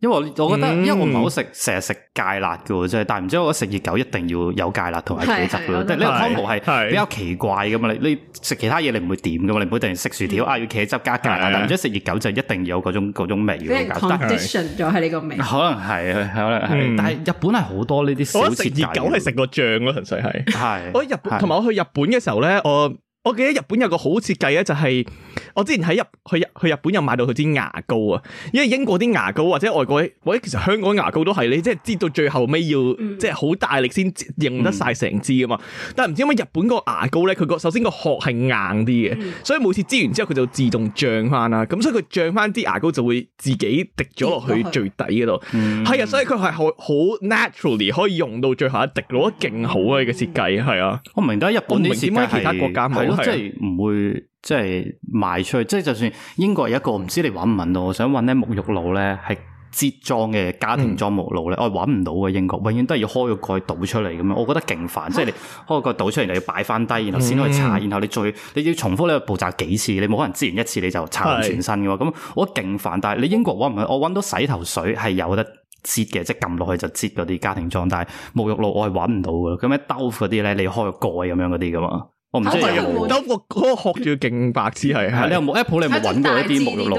因為我我覺得，因為我唔係好食，成日食芥辣嘅，即係。但係唔知我食熱狗一定要有芥辣同埋茄汁咯。但係呢個 combo 係比較奇怪噶嘛？你你食其他嘢你唔會點噶嘛？你唔會突然食薯條啊？要茄汁加芥辣。但係，食熱狗就係、一定要有嗰種嗰種味，俾人 condition 咗係呢個味。可能係，可能係。但係日本係好多呢啲小食。我食熱狗係食個醬咯，純粹係。係。 我喺日本，同埋是我去日本嘅時候咧，我。我記得日本有個好設計咧，就係、是、我之前喺日去去日本又買到佢支牙膏啊，因為英國啲牙膏或者外國或者其實香港牙膏都係你即係擠到最後尾要、嗯、即係好大力先用得晒成支噶嘛，但係唔知點解日本個牙膏咧，佢個首先個殼係硬啲嘅，嗯、所以每次擠完之後佢就自動脹翻啦，咁所以佢脹翻支牙膏就會自己滴咗落去最底嗰度，係啊、嗯，所以佢係好好 naturally 可以用到最後一滴，我覺得勁好啊！呢個設計係啊，我唔明咗日本點解其他國家我真係唔會，即係賣出去。即係就算英國有一個，唔知你搵唔搵到？我想搵咧沐浴露咧，係唧裝嘅家庭裝沐浴露咧，嗯、我搵唔到嘅英國，永遠都係要開個蓋倒出嚟咁樣。我覺得勁煩，啊、即係你開個蓋倒出嚟，你要擺翻低，然後先可以搽，然後你再你要重複呢個步驟幾次，你冇可能唧完一次你就搽全身嘅。咁是 我勁煩。但係你英國搵唔搵？我搵到洗頭水係有得唧嘅，即係撳落去就唧嗰啲家庭裝。但係沐浴露我係搵唔到嘅。咁喺兜嗰啲咧，你要開個蓋咁樣嗰啲噶嘛。我唔知啊，等我嗰個學住勁白痴係，係你有冇 Apple，你有冇搵到一啲沐浴露，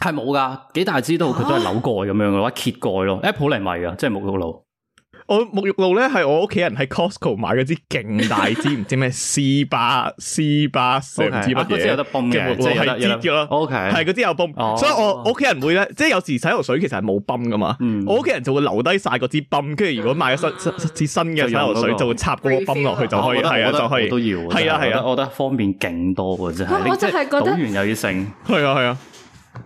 係冇噶，幾大支都佢都係扭蓋咁樣嘅話、啊、揭蓋咯，Apple 嚟賣噶，即係沐浴露。沐浴露咧係我屋企人喺 Costco 買嗰支勁大支唔知咩施巴施巴唔知乜嘢，嗰支有得泵嘅，即係啲嘅咯。係嗰支有泵，所以我屋企人會咧，即係有時洗頭水其實係冇泵噶嘛。我屋企人就會留低晒個支泵，跟住如果買咗新支新嘅洗頭水，就會插嗰個泵落去就可以，係啊就可以。都要係啊係啊，我覺得方便勁多嘅啫。我真係覺得洗完又要剩，係啊係啊。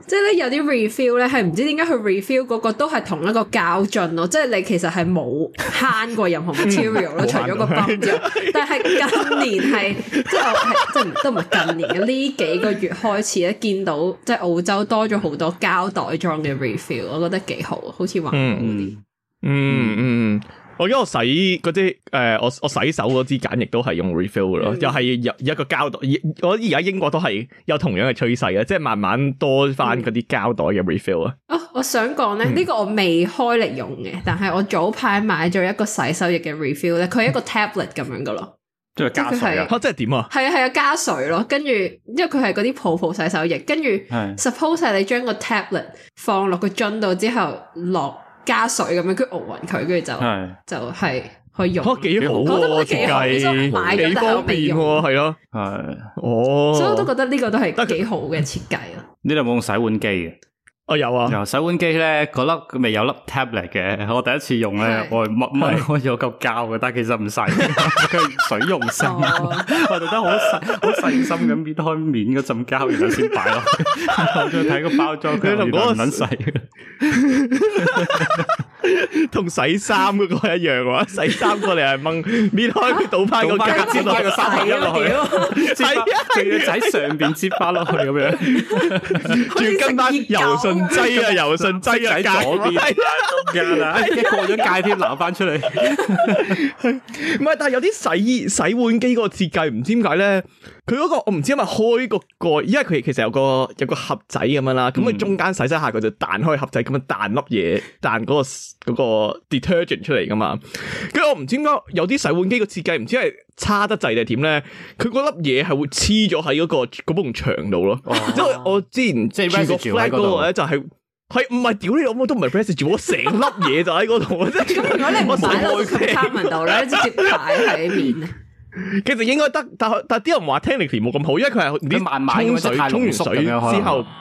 即係咧，有啲 refill 咧，係唔知點解去 refill 嗰個都係同一個膠樽咯。即係你其實係冇慳過任何 material 咯、啊， 除咗個泵咀。但係近年係 即係即係都唔係近年嘅呢 幾個月開始咧，見到即係澳洲多咗好多膠袋裝嘅 refill，我覺得幾好，好似環保啲。嗯嗯嗯。嗯我因為我洗嗰支誒，我我洗手嗰支梘亦都係用 refill 嘅咯，嗯、又係有，有一個膠袋，我而家英國都係有同樣嘅趨勢咧，即係慢慢多返嗰啲膠袋嘅 refill 啊、嗯。哦，我想講咧，呢、這個我未開嚟用嘅，但係我早排買咗一個洗手液嘅 refill 咧，佢係一個 tablet 咁是樣噶咯，即係加水啊！即係是點啊？係啊係啊，加水咯，跟住因為佢係嗰啲泡泡洗手液，跟住 suppose 你將個 tablet 放落個樽度之後落。加水咁樣，佢熬勻佢，跟住就係就係去用，啊、幾好喎，啊！設計幾方便喎，啊，係咯，啊，係哦，所以我都覺得呢個都係幾好嘅設計咯。你哋有冇用洗碗機啊？我有啊，洗碗機咧，嗰粒未有粒 tab 嚟嘅，我第一次用咧，是我抹抹開有嚿膠嘅，但係其實唔使，佢 水溶性， 我覺得好細好細心咁搣開面嗰陣膠，然後先擺落去， 再睇個包裝佢都唔撚使。 同洗衫嗰個一樣喎，洗衫過嚟係掹搣開佢倒翻個夾，接落個衫，皮一落去，係啊係啊，仲要喺上邊接翻落去咁樣，仲要跟翻柔順劑啊柔順劑啊嗰邊，過咗界先拿翻出嚟，唔係但係有啲洗洗碗機個設計唔知點解咧。佢嗰個我唔知，因為開個蓋，因為佢其實有個有個盒仔咁樣啦，咁佢中間洗洗下佢就彈開盒仔咁樣，彈粒嘢、嗰個，彈、嗰、嗰個、嗰個、detergent 出嚟噶嘛。跟住我唔知點解有啲洗碗機個設計唔知係差得滯定係點咧，佢嗰粒嘢係會黐咗喺嗰個埲牆度咯。即係、哦、 我之前即係個 flag 嗰度咧，就係係唔係屌你老母都唔係 press 住，我成粒嘢就喺嗰度。 嗯嗯嗯、 如果你唔洗喺廁門度咧，直接洗喺面。 其實應該得，但係但係啲人話 technically 冇咁好，因為佢係唔知慢慢咁水，沖完水之後。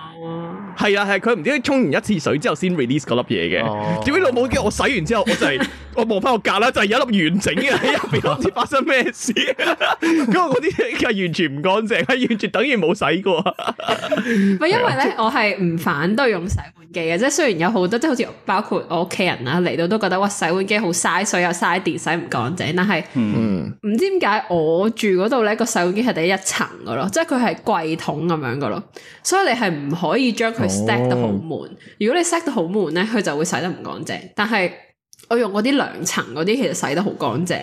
係啊，係佢唔知沖完一次水之後先 release 嗰粒嘢嘅。點知老母叫我洗完之後，我就係、是、 我望翻個格啦，就係、是、有一粒完整嘅喺入邊，唔知 發生咩事。咁我嗰啲係完全唔乾淨，係完全等於冇洗過。唔係 因為咧呢， 我係唔反對用洗碗機嘅，即係雖然有好多，即係好似包括我屋企人啦嚟到都覺得哇，洗碗機好嘥水又嘥電，洗唔乾淨。但係唔、嗯嗯、知點解我住嗰度咧個洗碗機係第一層噶咯，即係佢係櫃桶咁樣噶咯，所以你係唔可以將佢。s t 得好悶，如果你 s t 得好悶咧，佢就會洗得唔乾淨。但係我用嗰啲兩層嗰啲，其實洗得好乾淨。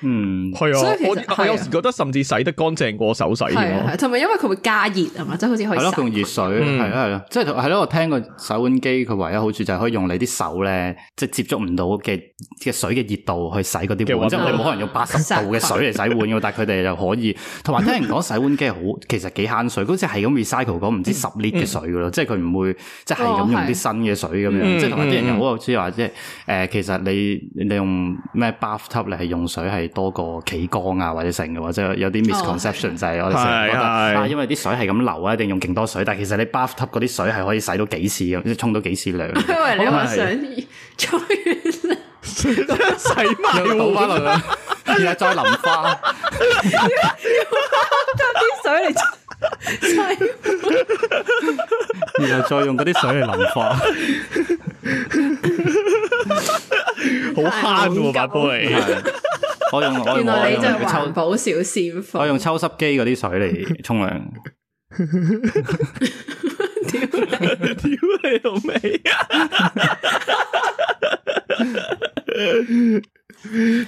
嗯，係啊，我有時覺得甚至洗得乾淨過我手洗，係同埋因為佢會加熱啊嘛，即、就、係、是、好似可以用熱水，係啊、嗯，係啊。即係係咯。我聽過洗碗機佢唯一好處就係可以用你啲手咧，即係接觸唔到嘅嘅水嘅熱度去洗嗰啲碗，即係冇可能用八十度嘅水嚟洗碗噶。嗯、但係佢哋就可以，同埋聽人講洗碗機好，其實幾慳水，嗰只係咁 recycle 講唔知十 lit 嘅水噶咯、嗯嗯，即係佢唔會即係咁用啲新嘅水咁樣，即係同埋啲人又好似話即係誒，其實你你用咩 bath tub 咧，係用水係。多過企缸啊，或者成嘅或者有啲 misconception 就係我哋成日覺得，因為啲水係咁流啊，一定用勁多水，但係其實你 bathtub 嗰啲水係可以洗到幾次咁，即係沖到幾次涼。因為你話想沖完洗埋又倒翻去。然後再淋花，用啲水嚟然後再用嗰啲水嚟淋花，好慳喎八杯。嚟。我用我用我用原來你就係環保小扇風，我用抽濕機嗰啲水嚟沖涼。屌你！老味啊！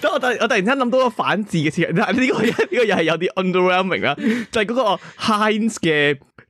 咁我突我突然間諗到個反智嘅詞，呢、這個呢個又係有啲 underwhelming 啦、嗰個，就係嗰個 Heinz 嘅。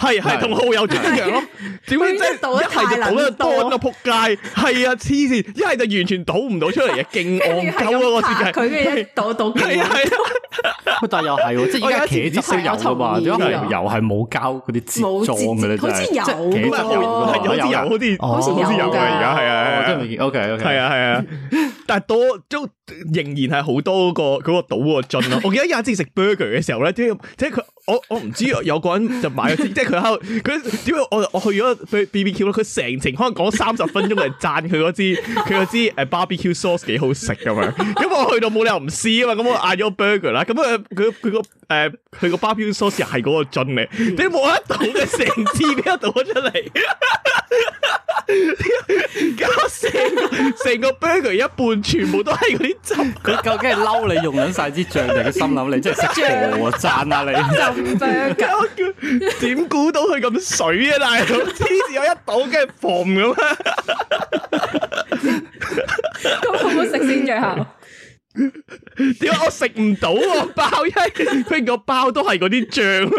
係係同蠔油一樣咯，點解真係一係就倒得多個撲街？係啊，黐線！一係就完全倒唔到出嚟嘅，勁憨鳩啊！我知佢嘅倒倒嘅係啊係啊，但又係即係而家茄汁燒油啊嘛，油係冇膠嗰啲結霜嘅咧，好似有唔係好似油，好似好似油嘅，而家係啊係啊，真係 OK OK，係啊係啊，但係多仍然係好多嗰個嗰個倒個樽，咯，我記得有一次食 burger 嘅時候咧，點即係佢我我唔知有個人就買咗，即係佢喺佢點解我我去咗 bbq 咧，佢成程可能講三十分鐘嚟讚佢嗰支佢嗰支誒 bbq sauce 幾好食咁樣，咁 我去到冇理由唔試啊嘛，咁我嗌咗 burger 啦，咁啊佢佢個誒佢 個 bbq sauce 係嗰個樽嚟，你冇得倒嘅，成支俾我倒咗出嚟，搞成成個 burger 一半全部都係嗰啲。佢 究竟係嬲你用緊晒支仗定嘅心諗你真係食火箭啊， 啊你？點 估 到佢咁水啊大佬？黐住我一倒跟住逢咁啊？咁好唔好食先最後？點解我食唔到啊？包，一，佢個包都係嗰啲醬，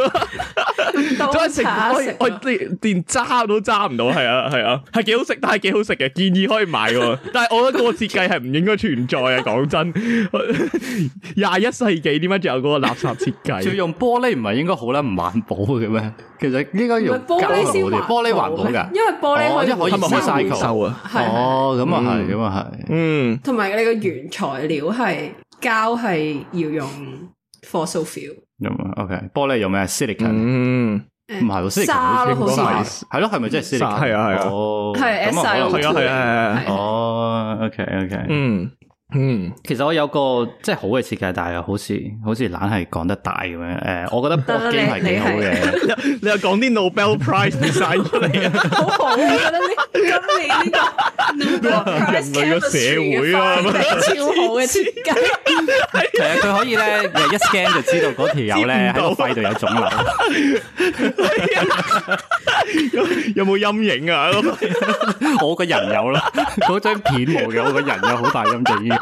都係食我，我連渣都揸唔到，係啊，係啊，係幾好食，但係幾好食嘅建議可以買嘅，但係我覺得嗰個設計係唔應該存在啊！講真，廿一世紀點解仲有嗰個垃圾設計？仲要用玻璃唔係應該好啦，唔環保嘅咩？其實應該用玻璃先環保，玻璃環保噶，因為玻璃可以回收啊。哦，咁啊係，咁啊係，嗯，同埋你個原材料係。膠係要用 for sofa ok，玻璃用咩啊？silicon 嗯唔係 silicon 好細係咯，係咪即係 silicon 係啊係啊。哦係啊咁啊去啊係啊係啊哦 ok ok 嗯嗯，其實我有個即係好嘅設計，但係好似好似懶係講得大咁樣。誒、欸，我覺得北京係幾好嘅。你又講啲 Nobel Prize 晒出嚟， 好好、啊。我 覺得你今年呢個人類嘅社會啊，超好嘅設計。係啊，佢 可以咧，一 scan 就知道嗰條友咧喺個肺度有腫瘤。有冇陰影啊？ 我個人有啦，嗰張片冇嘅，我個人有好大陰影。唔，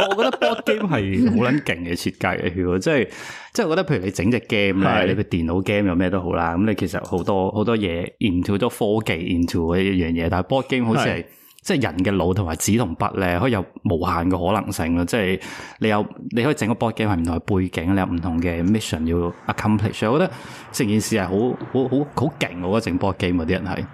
我覺得 board game 係好捻勁嘅設計嚟嘅，即係即係我覺得，譬如你整隻 game 咧，是你譬如電腦 game 有咩都好啦，咁你其實好多好多嘢 into 好多科技 into 嘅一樣嘢，但係 board game 好似係是即係人嘅腦同埋紙同筆咧，可以有無限嘅可能性咯，即係你有你可以整個 board game 係唔同嘅背景，你有唔同嘅 mission 要 accomplish，所以我覺得成件事係好好好好勁，我覺得整 board game 啲人係。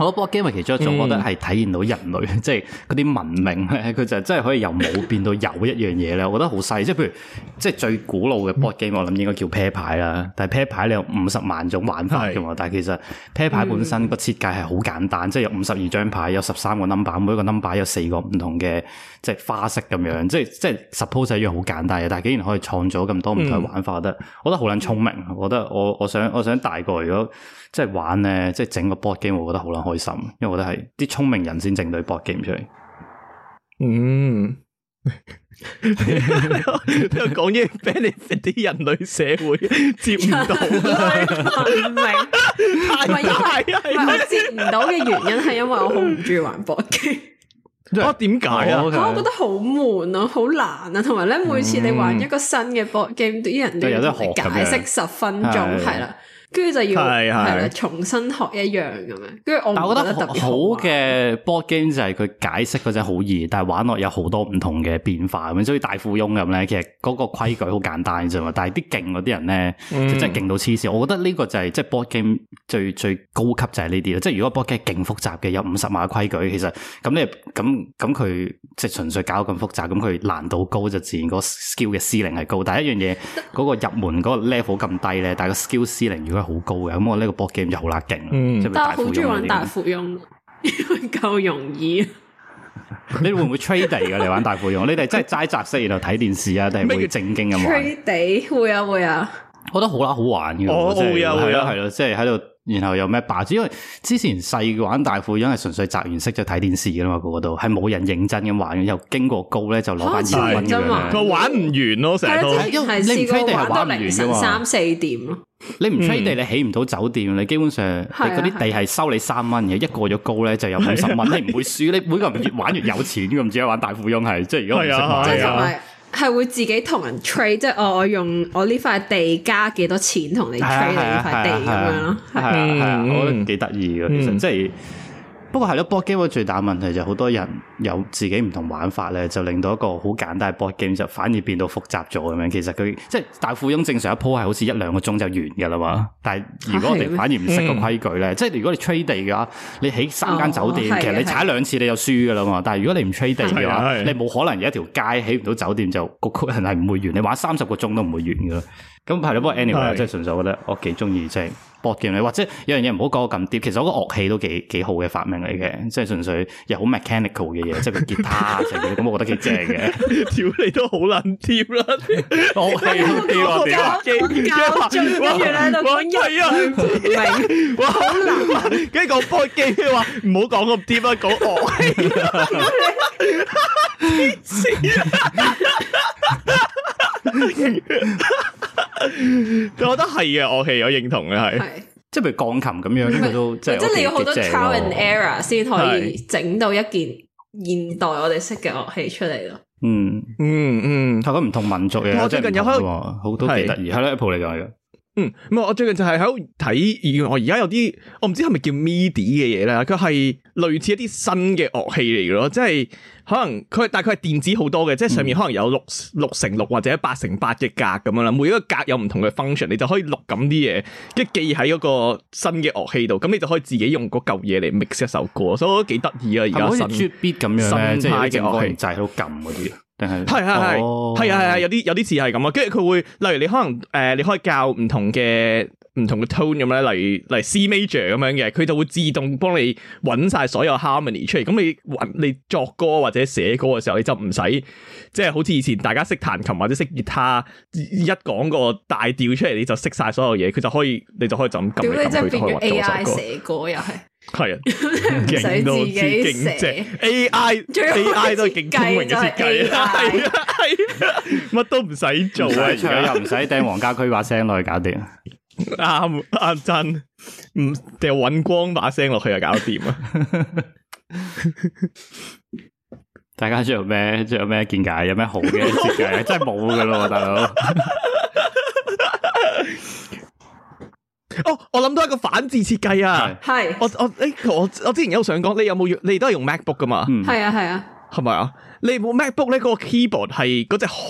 好多波 game 其實做，嗯、我覺得係體現到人類，即係嗰啲文明佢就真係可以由冇變到有一樣嘢咧。我覺得好細，即係譬如即係最古老嘅波 game，我諗應該叫 pair 牌啦。但係 pair 牌你有五十萬種玩法嘅嘛？是但係其實 pair 牌本身個設計係好簡單，嗯、即係有五十二張牌，有十三個 number，每一個 number 有四個唔同嘅。即係花式咁樣，即係即係 suppose 一樣好簡單嘅，但係竟然可以創造咁多唔同嘅玩法，覺得、嗯、我覺得好捻聰明。我覺得我我想我想大個如果即係玩咧，即係整個 board game，我覺得好捻開心，因為我覺得係啲聰明人先整對 board game 出嚟。嗯，又講嘢俾你，啲人類社會接唔到、啊，唔、 啊、明係啊係啊係接唔到嘅原因係為因為我好唔中意玩 board game。哦，點解啊？我覺得好悶啊，好難啊，同埋咧每次你玩一個新嘅 board game，啲、嗯、人都要同你解釋十分鐘，係啦、嗯。的跟住就要係啦，重新學一樣咁樣。跟住是是 我，但係我覺得好嘅 board game 就係佢解釋嗰陣好易，但係玩落有好多唔同嘅變化咁，所以大富翁咁咧，其實嗰個規矩好簡單啫嘛。但係啲勁嗰啲人咧，就真係勁到黐線。嗯、我覺得呢個就係即係 board game 最最高級就係呢啲啦。即係如果 board game 勁複雜嘅，有五十萬規矩，其實咁你咁咁佢即係純粹搞咁複雜，咁佢難度高就自然個 skill 嘅 ceiling 係高。但係一樣嘢，嗰、嗰個入門嗰個 level 咁低咧，但係個 skill ceiling 如果。好高嘅咁，我呢個 board game 就好拉勁嗯，但係好鍾意玩大富翁，因為夠容易。你會唔會 trade 㗎？嚟玩大富翁，你哋真係齋擲色，然後睇電視啊，定係會正經咁玩？trade 會啊會啊，我覺得好啦，好玩嘅，哦會啊會啊係咯，即係喺度。然後又有咩霸主？因為之前細玩大富翁係純粹摘完色就睇電視噶啦嘛，嗰度係冇人認真咁玩，又經過高咧就攞翻廿蚊，佢玩唔完咯，成日都係你唔規定係玩到凌晨三四點咯。你唔規定你起唔到酒店，你基本上嗰啲地係收你三蚊嘅。一過咗高咧就有五十蚊，你唔會輸，你每個人越玩越有錢咁。唔知玩大富翁係即係如果唔識玩。係會自己同人 trade，即係我、哦、我用我呢塊地加幾多錢同你 trade 你呢塊地咁樣咯，係啊，我覺得幾得意嘅，其實、嗯、即係。不過係咯，board game 最大問題就好多人有自己唔同玩法咧，就令到一個好簡單 board game 就反而變到複雜咗咁樣。其實佢即係大富翁正常一鋪係好似一兩個鐘就完噶啦嘛。但係如果我哋反而唔識個規矩咧，啊嗯、即係如果你 trade、er、地嘅話，你起三間酒店，哦哦、其實你踩兩次你就輸噶啦嘛。但係如果你唔 trade、er、地嘅話，你冇可能有一條街起唔到酒店就局、嗰個、人係唔會完。你玩三十個鐘都唔會完噶。咁係咯，不過 anyway，即係純粹我覺得我幾中意，即係撥鍵咧，或者有樣嘢唔好講咁貼。其實我個樂器都幾幾好嘅發明嚟嘅，即係純粹又好 mechanical 嘅嘢，即係個吉他上面咁，我覺得幾正嘅。條你都好撚貼啦，樂器你話點啊？教專業咧，講一唔明，我好難。跟住講撥鍵嘅話，唔好講咁貼啦，講樂器。黐啊！ 我覺得係嘅樂器，我認同嘅係，是即係譬如鋼琴咁樣，佢是都即係你要好多 trial and error 先可以整是到一件現代我哋識嘅樂器出嚟咯、嗯。嗯嗯嗯，睇下唔同民族嘅，我最近我有喺好多幾得意，係咯，一部嚟就係咯。嗯，唔係我最近就係喺度睇，而我而家有啲我唔知係咪叫 midi 嘅嘢咧，佢係類似一啲新嘅樂器嚟嘅咯，即係。即可能佢大概係電子好多嘅，即係上面可能有六六乘六或者八乘八嘅格咁樣啦。每一個格有唔同嘅 function，你就可以錄咁啲嘢，即係記喺嗰個新嘅樂器度，咁你就可以自己用嗰嚿嘢嚟 mix 一首歌，所以我都幾得意啊！而家好似 b 咁樣新派嘅正樂器就係好撳嗰啲，定係係係係係係係有啲、哦、有啲字係咁啊！跟住佢會，例如你可能誒、呃，你可以教唔同嘅。唔同嘅 tone 咁咧，例如嚟 C major 咁樣嘅，佢就會自動幫你揾晒所有 harmony 出嚟。咁你你作歌或者寫歌嘅時候，你就唔使即係好似以前大家識彈琴或者識吉他，一講個大調出嚟，你就識晒所有嘢，佢就可以，你就可以按按去就咁撳嚟撳佢開。即係 AI 寫歌又係，係啊，勁到黐 a i AI 都係勁聰明嘅設計啊，係乜 都唔使做啊，而 家又唔使掟黃家駒把聲落去搞掂。 啱啱、嗯嗯、真，唔掉揾光把聲落去就搞掂啦！ 大家仲有咩？仲有咩見解？有咩好嘅設計？ 真係冇噶咯，大佬。哦 oh, 我諗到一個反智設計啊！係是我我誒，我、欸、我，我之前有想講，你有冇用？你都係用 MacBook 噶嘛？嗯，係啊係啊，係咪啊？ 你部 MacBook 咧，嗰個 keyboard 係嗰隻好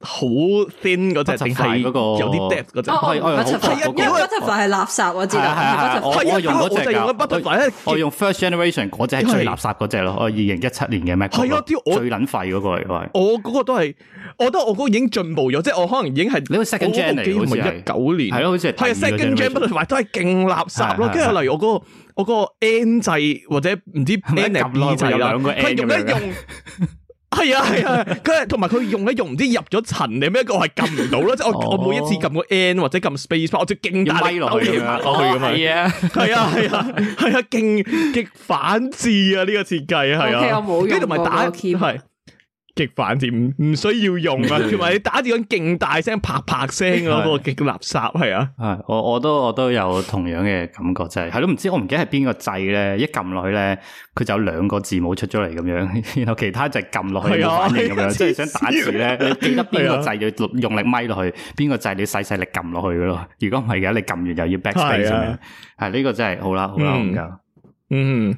好 thin 嗰隻，定係嗰個有啲 depth 嗰隻？MacBook 係啊，因為 MacBook 係垃圾嗰隻，我知道。係啊係啊，我我用嗰我用 first generation 嗰隻係最垃圾嗰隻咯。我二零一七年嘅 MacBook 咯，最撚廢嗰個嚟㗎。我嗰個都係，我覺得我嗰個已經進步咗，即係我可能已經係。你個 second generation 一九年？係咯，好似係。係啊，second generation MacBook 都係勁垃圾咯。跟住例如我嗰個，我嗰個 N 制或者唔知 A 定 B 制啦，佢用一用。係啊，係啊，佢同埋佢用咧用唔知入咗塵定咩，個我係撳唔到咯，哦、即係我我每一次撳個 N 或者撳 spacebar，我就勁打落去落去咁嘛。係啊，係啊，係啊，勁極反智啊呢、呢個設計係啊，跟住同埋打個 key 係。個極反添，唔需要用啊，同埋你打字咁勁大聲，啪啪聲嗰個極垃圾，係啊。係我我都我都有同樣嘅感覺，就係係咯，唔知我唔記得係邊個掣咧，一撳落去咧，佢就有兩個字母出咗嚟咁樣，然後其他就撳落去冇反應咁樣，即係想打字咧，你記得邊個掣要用力咪落去，邊個掣你要細細力撳落去噶咯。如果唔係嘅，你撳完又要 backspace 咁樣。係呢個真係好啦，好啦，唔夠。嗯，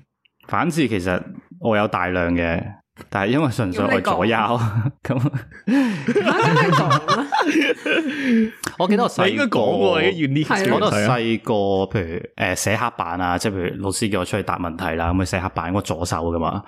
反智其實我有大量嘅。但係因為純粹我係左腰， 咁 我記得我細個你應該講喎， 我喺原來嗰度細個，譬如誒寫黑板啊，即係譬如老師叫我出去答問題啦，咁咪寫黑板，我左手噶嘛，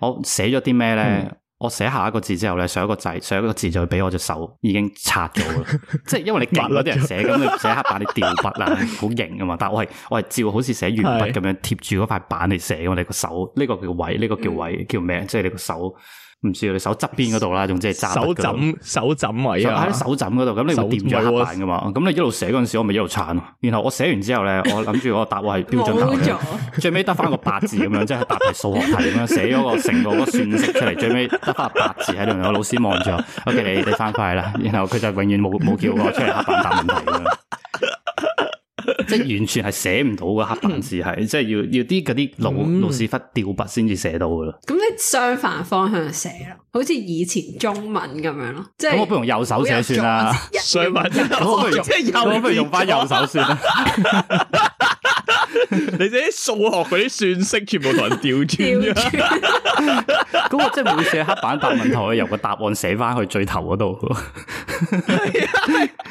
我寫咗啲咩咧？嗯我寫下一個字之後咧，上一個字上一個字就俾我隻手已經擦咗啦， 即係因為你夾嗰隻筆寫咁， 你寫黑板你掉筆啦，啊，好型啊嘛！但係我係我係照好似寫原筆咁樣貼住嗰塊板嚟寫，我哋個是手呢、這個叫位，呢、這個叫位叫咩？嗯、即係你個手。唔知啊，你手側邊嗰度啦，仲即係揸手枕手枕位啊，喺手枕嗰度，咁你掂咗黑板噶嘛？咁你一路寫嗰陣時，我咪一路撐咯。然後我寫完之後咧，我諗住我答案係標準答案， 了最尾得翻個八字咁樣， 即係答題數學題咁樣，寫咗個成個個算式出嚟，最尾得翻個八字喺度。我老師望住我，OK 你哋翻去啦。然後佢就永遠冇冇叫我出嚟黑板答問題。即係 完全係寫唔到個黑板字，係 即係要要啲嗰啲老老屎忽吊筆先至寫到噶啦。咁、 嗯、你相反方向就寫咯，好似以前中文咁樣咯。咁、嗯、我不如右手寫算啦。中文，我不如，即又不如用翻右手算啦日。 你哋啲數學嗰啲算式，全部同人調轉調轉。咁 我真係每次黑板答問題，由個答案寫翻去最頭嗰度。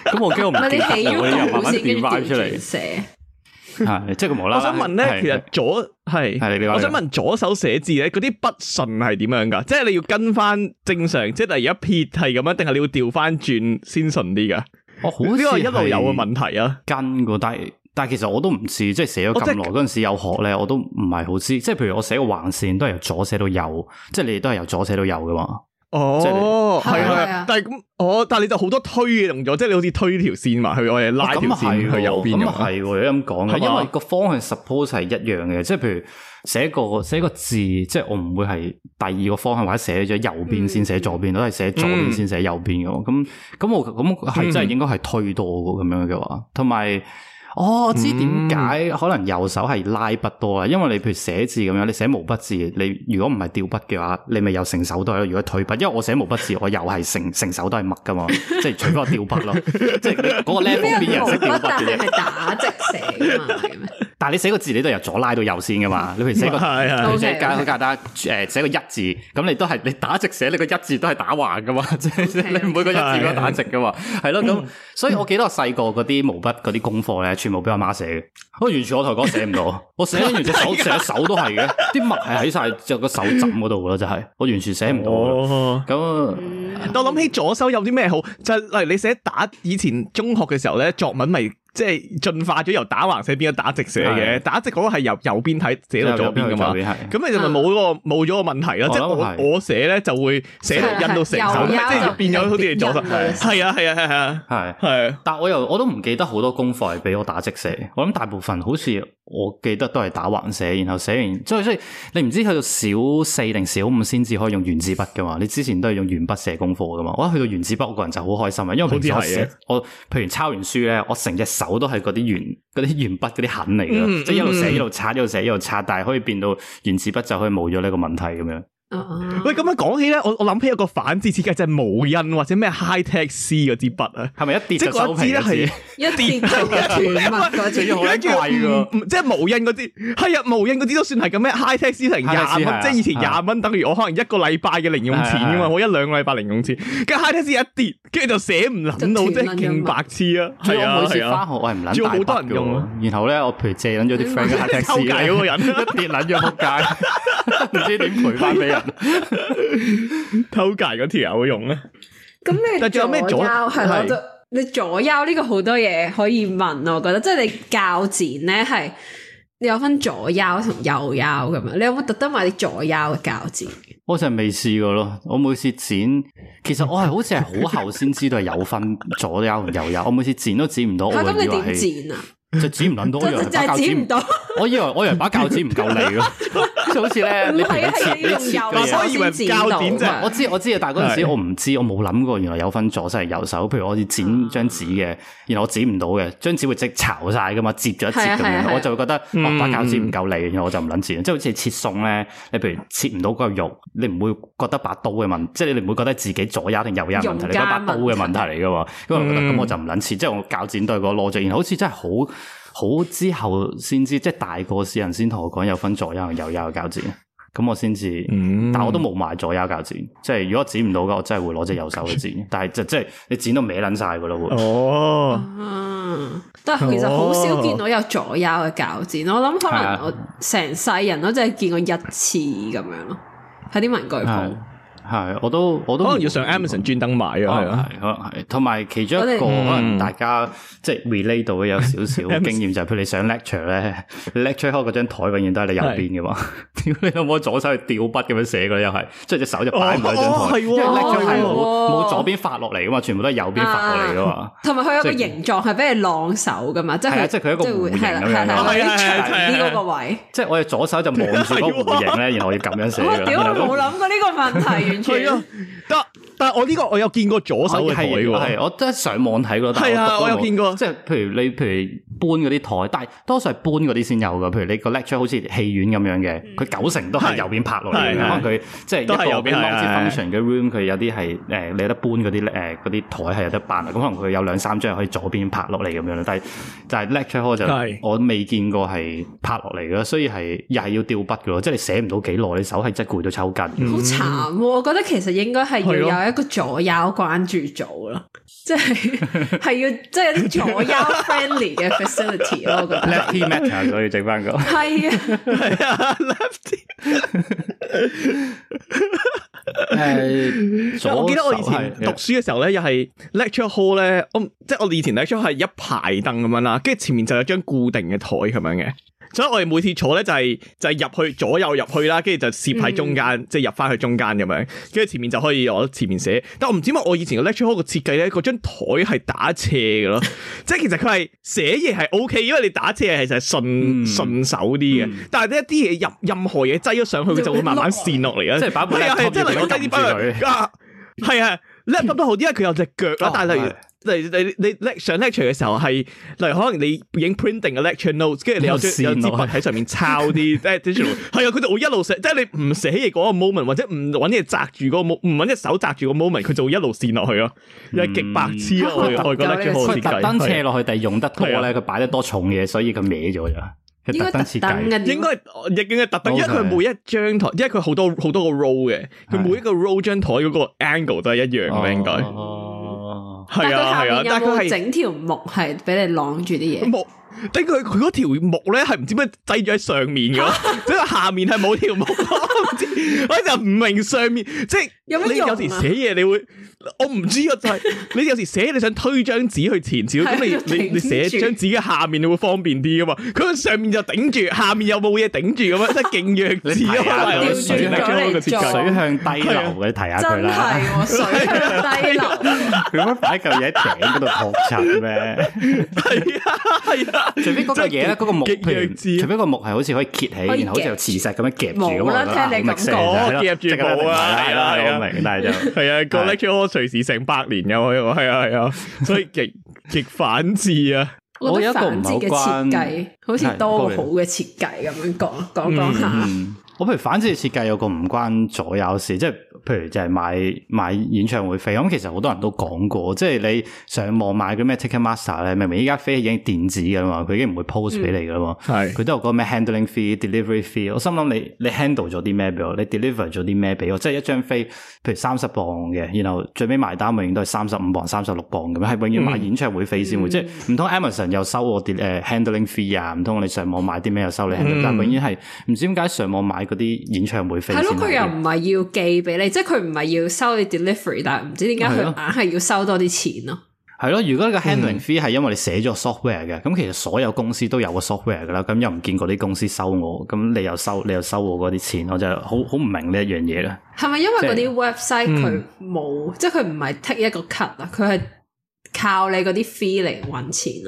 咁我驚我唔記得。我冇慢慢調翻出嚟寫 。即係佢無啦啦我想問咧，其實左係，我想問左手寫字咧，嗰啲筆順係點樣噶？即係你要跟翻正常，即係第一撇係咁樣，定係你要調翻轉先順啲噶？我、哦、好似一路有個問題啊，跟過低。但係其實我都唔知，即係寫咗咁耐嗰陣時有學咧，我都唔係好知。即係譬如我寫個橫線都係由左寫到右，即係你哋都係由左寫到右噶嘛？哦，係係係。但係咁，我但係你就好多推嘅動作，即係你好似推條線埋去，我哋拉條線去右邊。咁係，如果咁講嘅話，係因為個方向 suppose 係一樣嘅。即係譬如寫個寫個字，即係我唔會係第二個方向或者寫咗右邊先寫左邊，都係寫左邊先寫右邊嘅。咁咁我咁係真係應該係推多嘅咁樣嘅話，同埋。哦，知點解可能右手係拉筆多啦，因為你譬如寫字咁樣，你寫毛筆字，你如果唔係吊筆嘅話，你咪又成手都係。如果退筆，因為我寫毛筆字，我又係成成手都係墨噶嘛，即係除咗個吊筆咯，即係嗰個 level 邊有人識吊筆嘅咧？打直寫嘛，但係你寫個字，你都由左拉到右先噶嘛。你譬如寫個，寫個簡單誒寫個一字，咁你都係你打直寫，你個一字都係打橫噶嘛，即係你每個一字都打直噶嘛，係咯。咁所以我記得我細個嗰啲毛筆嗰啲功課咧，冇俾阿媽寫嘅，我完全我頭先講寫唔到， 我寫完隻手，寫隻 手都係嘅，啲墨係喺晒隻個手枕嗰度噶啦，真、就、係、是、我完全寫唔到。咁但我諗起左手有啲咩好，就例、是、如你寫打以前中學嘅時候咧，作文咪、就是。即係進化咗，由打橫寫變咗打直寫嘅，打直嗰個係由右邊睇寫到左邊噶嘛。咁你就咪冇嗰個冇咗個問題咯。即係我我寫咧就會寫到印到成手，即係變咗好似係左側。係啊，係啊，係啊，係啊。但我又我都唔記得好多功課係俾我打直寫。我諗大部分好似。我記得都係打橫寫，然後寫完，所以所以你唔知去到小四定小五先至可以用原子筆㗎嘛？你之前都係用鉛筆寫功課㗎嘛？我去到原子筆，我個人就好開心啊！因為我之前我譬如抄完書咧，我成隻手都係嗰啲鉛啲鉛筆嗰啲痕嚟嘅，嗯、即係一路寫一路刷、一路寫一路刷，但係可以變到原子筆就可以冇咗呢個問題咁樣。喂，咁樣講起咧，我我諗起有個反智設計，即係無印或者咩 High Tech C 嗰支筆啊，係咪一跌即係嗰支咧？係一跌就一跌，唔唔即係無印嗰支，係啊，無印嗰啲都算係咁咩？High Tech C 成廿蚊，即係以前廿蚊等於我可能一個禮拜嘅零用錢啊嘛，我一兩個禮拜零用錢，跟住 High Tech C 一跌，跟住就寫唔諗到，即係勁白痴啊！係啊係啊，仲有好多人用啊，然後咧我譬如借捻咗啲 friend 嘅 High Tech C，嗰個人一跌捻咗扑街，唔知點賠翻俾啊！ 偷介嗰條有用咩？咁你左右係咪？是你左右呢個好多嘢可以問啊！我覺得，即係你鉸剪咧係有分左腰同右腰咁樣。你有冇特登買啲左腰嘅鉸剪？我成未試過咯。我每次剪，其實我係好似係好後先知道係有分左腰同右腰。 我每次剪都剪唔到。咁 你點剪啊？ 就剪唔捻到一樣，就剪唔到。我以為 我以為把鉸剪唔夠力咯。 好似咧，你切你切，我以為鉸剪就刀，我知道我知道，但係嗰陣時我唔知，是我冇諗過，原來有分左手右手。譬如我要剪張紙嘅，然後我剪唔到嘅，張紙會即係巢晒噶嘛，折咗一折咁樣，是是是是我就會覺得把鉸、嗯哦、剪唔夠利，然後我就唔捻剪。即係好似切餸咧，你譬如切唔到嗰個肉，你唔會覺得把刀嘅問題，即係你唔會覺得自己左手定右手問題，用家 你嗰把刀嘅問題嚟噶嘛？咁、嗯、我就覺得咁我就唔捻切，即係我鉸剪對個邏輯，然後好似真係好。好之後先知，即係大個時人先同我講有分左右、右右鉸剪，咁我先至。嗯、但係我都冇買左右鉸剪，即係如果剪唔到嘅，我真係會攞隻右手去剪。嗯、但係就即係你剪到歪捻晒噶咯會。哦，嗯、啊，但係其實好少見到有左右嘅鉸剪，我諗可能我成世人都只係見過一次咁樣咯，喺啲文具鋪。嗯係，我都我都可能要上 Amazon 專登買啊。係啊，可能係。同埋其中一個可能大家即係 relate 到有少少經驗，就係譬如你上 lecture 咧，lecture 開嗰張台永遠都係你右邊嘅嘛。你有冇左手去吊筆咁樣寫嘅？又係，即係隻手就擺唔喺張台。哦，係喎。冇左邊發落嚟嘅嘛，全部都係右邊發落嚟嘅嘛。同埋佢有個形狀係俾你晾手嘅嘛。係啊，即係佢一個弧形位。即係我哋左手就望住個弧形咧，然後要咁樣寫嘅。我屌，我冇諗過呢個問題。係啊，但但係我呢個我有見過左手嘅喎，係我真係上網睇過，係啊的，我有，我有見過，即係譬如你譬如。搬嗰啲台，但係多數係搬嗰啲先有㗎，譬如你個 lecture 好似戲院咁樣嘅，佢、嗯、九成都係右邊拍落嚟是可能佢即係都係右邊某啲 function 嘅 room，佢有啲係誒你、呃、有得搬嗰啲誒啲台係有得辦，咁可能佢有兩三張可以左邊拍落嚟咁樣，但係就係 lecture 就我未見過係拍落嚟咯，所以係又係要掉筆嘅咯，即係你寫唔到幾耐，你手係即係攰到抽筋。好慘喎！我覺得其實應該係要有一個左右關注組咯，即係係要即係啲左右 friendly 嘅。facility 我覺得。Lefty matter 所以整翻個。係啊係啊，Lefty。我記得我以前讀書嘅時候咧，又係 lecture hall 咧，我即係我以前 lecture 係一排凳咁樣啦，跟住前面就有張固定嘅台咁樣嘅。所以我哋每次坐咧就係、是、就係、是、入去左右入去啦，跟住就攝喺中間，嗯、即係入翻去中間咁樣，跟住前面就可以我前面寫。但我唔知點解，我以前個 lecture hall 個設計咧，嗰張台係打斜嘅咯。 即係其實佢係寫嘢係 O K，因為你打斜其實係順順手啲嘅。嗯、但係一啲嘢入任何嘢擠咗上去，佢就會慢慢散落嚟啊！即係擺杯，即係即係攞低啲擺佢。係啊，你係執得好啲，因為佢有隻腳啊，但係。你你你上 lecture 嘅時候係，例如可能你影 printing 嘅 lecture notes，跟住你有有支筆喺上面抄啲即係啊，佢就會一路寫，即係你唔寫嘢嗰個 moment，或者唔揾嘢揸住個 moment，唔揾隻手揸住個 moment，佢就一路斜落去咯，又係極白痴咯，我覺得佢特登斜落去，但係用得多咧，佢擺得多重嘢，所以佢歪咗就，應該特登應該亦應該特登，因為佢每一張台，因為佢好多好多個 row 嘅，佢每一個 row 張台個 angle 都係一樣嘅應該。係啊，係啊，但係佢係整條木係俾你晾住啲嘢。木，但佢佢嗰條木咧係唔知咩擠咗喺上面嘅，即係 下面係冇條木。 我就唔明上面，即係你有時寫嘢，你會我唔知啊，就係你有時寫你想推張紙去前朝，咁你你你寫張紙嘅下面你會方便啲㗎嘛？佢上面就頂住，下面又冇嘢頂住咁啊，即係勁弱智啊嘛！水向低流嘅，睇下佢啦。真係，水向低流。佢乜擺嚿嘢喺頂嗰度學沉咩？係啊，除非嗰個嘢咧，嗰個木，除非個木係好似可以揭起，然後好似有磁石咁樣夾住咁啊。個夾住我啊！係啊，明但係就係啊，個 Nike 隨時成百年嘅我，係啊，係啊，所以極極反智啊！我覺得反智嘅設計好似多個好嘅設計咁樣講講講下，我譬如反智嘅設計有個唔關左右事，即係。譬如就係買買演唱會飛，咁其實好多人都講過，即係你上網買嗰咩 Ticketmaster 咧，明明依家飛已經電子嘅啦嘛，佢已經唔會 post 俾你噶啦嘛，係、嗯，佢都有嗰咩 handling fee、delivery fee，我心諗你你 handle 咗啲咩俾我，你 deliver 咗啲咩俾我，即係一張飛，譬如三十磅嘅，然後最尾埋單永遠都係三十五磅、三十六磅咁樣，係永遠買演唱會飛先會，嗯、即係唔通 Amazon 又收我 handling fee 啊，唔通你上網買啲咩又收你 handling fee？、嗯、但永遠係唔知點解上網買嗰啲演唱會飛，係咯、嗯，佢又唔係要寄俾你。即係佢唔係要收你 delivery，但係唔知點解佢硬係要收多啲錢咯？係咯，如果個 handling fee 係因為你寫咗 software 嘅，咁、嗯、其實所有公司都有個 software 噶啦，咁又唔見過啲公司收我，咁你又收你又收我嗰啲錢，我就好好唔明呢一樣嘢啦。係咪因為嗰啲 website 佢冇，即係佢唔係 take 一個 cut 啊，佢係靠你嗰啲 fee 嚟搵錢啊？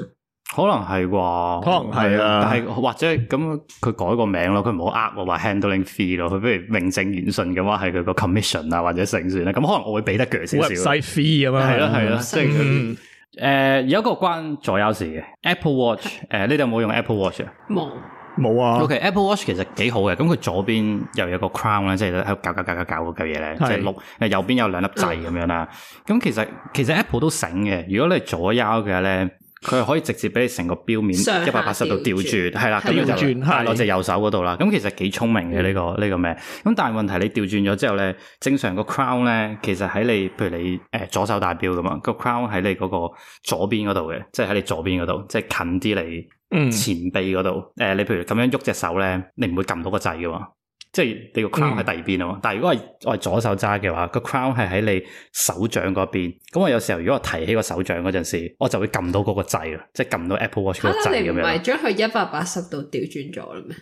可能係啩，可能係啊，但係或者咁佢改個名咯，佢唔好呃我話 handling fee 咯，佢不如名正言順嘅話係佢個 commission 啊或者成算啦。咁可能我會俾得佢，少少 Web site、嗯。website fee 咁啊，係咯，係咯，即係誒有一個關左腰事嘅 Apple Watch，誒、呃、你哋有冇用 Apple Watch 啊？冇冇啊？OK Apple Watch 其實幾好嘅，咁佢左邊又有個 crown 咧，即係喺度搞搞搞搞搞嗰嚿嘢咧，的即係六誒右邊有兩粒掣咁樣啦，咁其實其實，實 Apple 都醒嘅，如果你左腰嘅咧。佢係可以直接俾你成個表面一百八十度調轉，係啦，咁了樣就戴落隻右手嗰度啦。咁其實幾聰明嘅呢、嗯這個呢、這個咩？咁但係問題你調轉咗之後咧，正常個 crown 咧，其實喺你，譬如你誒、呃、左手戴表噶嘛，個 crown 喺你嗰個左邊嗰度嘅，即係喺你左邊嗰度，即係近啲你前臂嗰度。誒、嗯呃，你譬如咁樣喐隻手咧，你唔會撳到個掣噶嘛。即係你個 crown 喺第二邊啊，嘛、嗯。但係如果係我係左手揸嘅話，個 crown 係喺你手掌嗰邊。咁我有時候如果我提起個手掌嗰陣時，我就會撳到嗰個掣啊，即係撳到 Apple Watch 個掣。是你唔係將佢一百八十度調轉咗啦咩？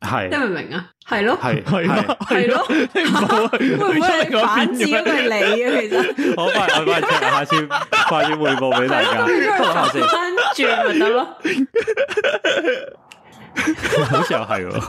係，你唔明啊？係咯，係係是咯，會唔會你反轉咗你啊？其實 我快我快快，下次， 下次快啲匯報俾大家，翻轉咪得咯。 好似又係，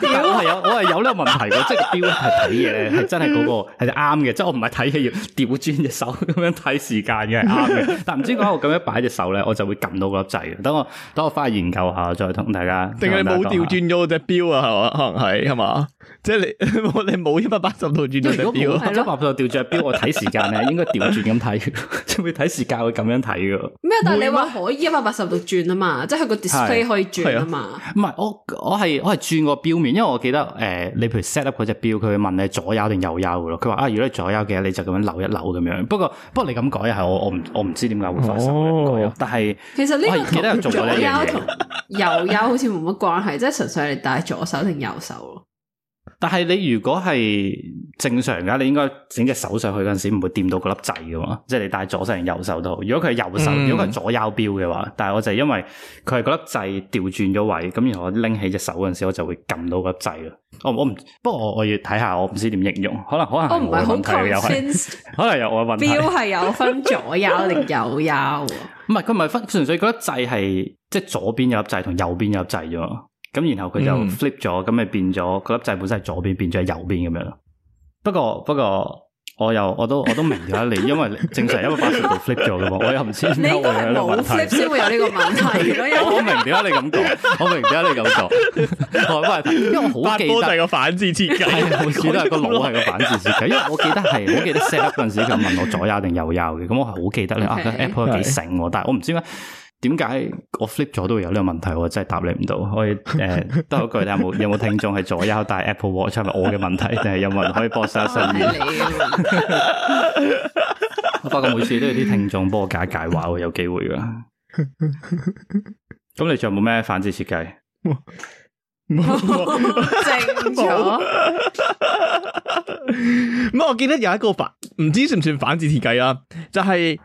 但我係有，我係有呢個問題嘅、 那個，即係表咧係睇嘢咧，係真係嗰個係啱嘅，即係我唔係睇嘢要調轉隻手咁樣睇時間嘅，啱嘅。但唔知點解我咁樣擺隻手咧，我就會撳到嗰粒掣。等我等我翻去研究下，再同大家。定係你冇調轉咗隻表啊？係嘛？可能係係嘛？即係你你冇一百八十度轉隻表，一百八十度調轉表，我睇時間咧應該調轉咁睇，會睇時間會咁樣睇噶咩？但係你話可以一百八十度轉啊嘛，即係個 display 可以轉啊嘛。唔係我我係我係轉個表面，因為我記得誒、呃，你譬如 set up 嗰隻表，佢會問你左右定右右噶咯。佢話啊，如果你左右嘅，你就咁樣扭一扭咁樣。不過不過你咁改又係我我唔我唔知點解會發生呢、哦、但係是其實呢個同左優同右優好似冇乜關係，即係純粹你戴左手定右手咯。但係你如果係正常嘅，你應該整隻手上去嗰陣時唔會掂到嗰粒掣噶嘛，即係你戴左手定右手都好。如果佢係右手，嗯、如果佢係左腰表嘅話，但係我就因為佢係嗰粒掣調轉咗位，咁然後我拎起隻手嗰陣時，我就會撳到嗰粒掣噶。我我唔，不過我要我要睇下，我唔知點形容，可能可能我唔係好 consistent 可能有我表係有分左腰定右腰 。唔係佢唔係分，純粹嗰粒掣係即係左邊有粒掣同右邊有粒掣啫。咁然後佢就 flip 咗，咁咪變咗，嗰粒掣本身係左邊，變咗喺右邊咁樣咯。不過不過，我又我都我都明點解你，因為正常因為把住度 flip 咗嘅嘛，我又唔知點解呢先會有呢個問題。我明點解你咁講，我明點解你咁講，我返嚟睇，因為我好記得個反智設計，係好似都係個腦係個反智設計。因為我記得係，我記得 set 嗰陣時佢問我左右定右右嘅，咁我係好記得你。啊，Apple 幾醒，但係我唔知點解。點解我 flip 咗都會有呢個問題？我真係答你唔到。可以誒，多、呃、一句你有冇有冇聽眾係左右帶 Apple Watch 係咪我嘅問題定係有冇人可以幫我信新？啊、 我發覺每次都有啲聽眾幫我解解畫，有機會噶。咁 你仲有冇咩反智設計？冇 正咗了。咁 嗯、我記得有一個反，唔知是是算唔算反智設計啊？就係、是。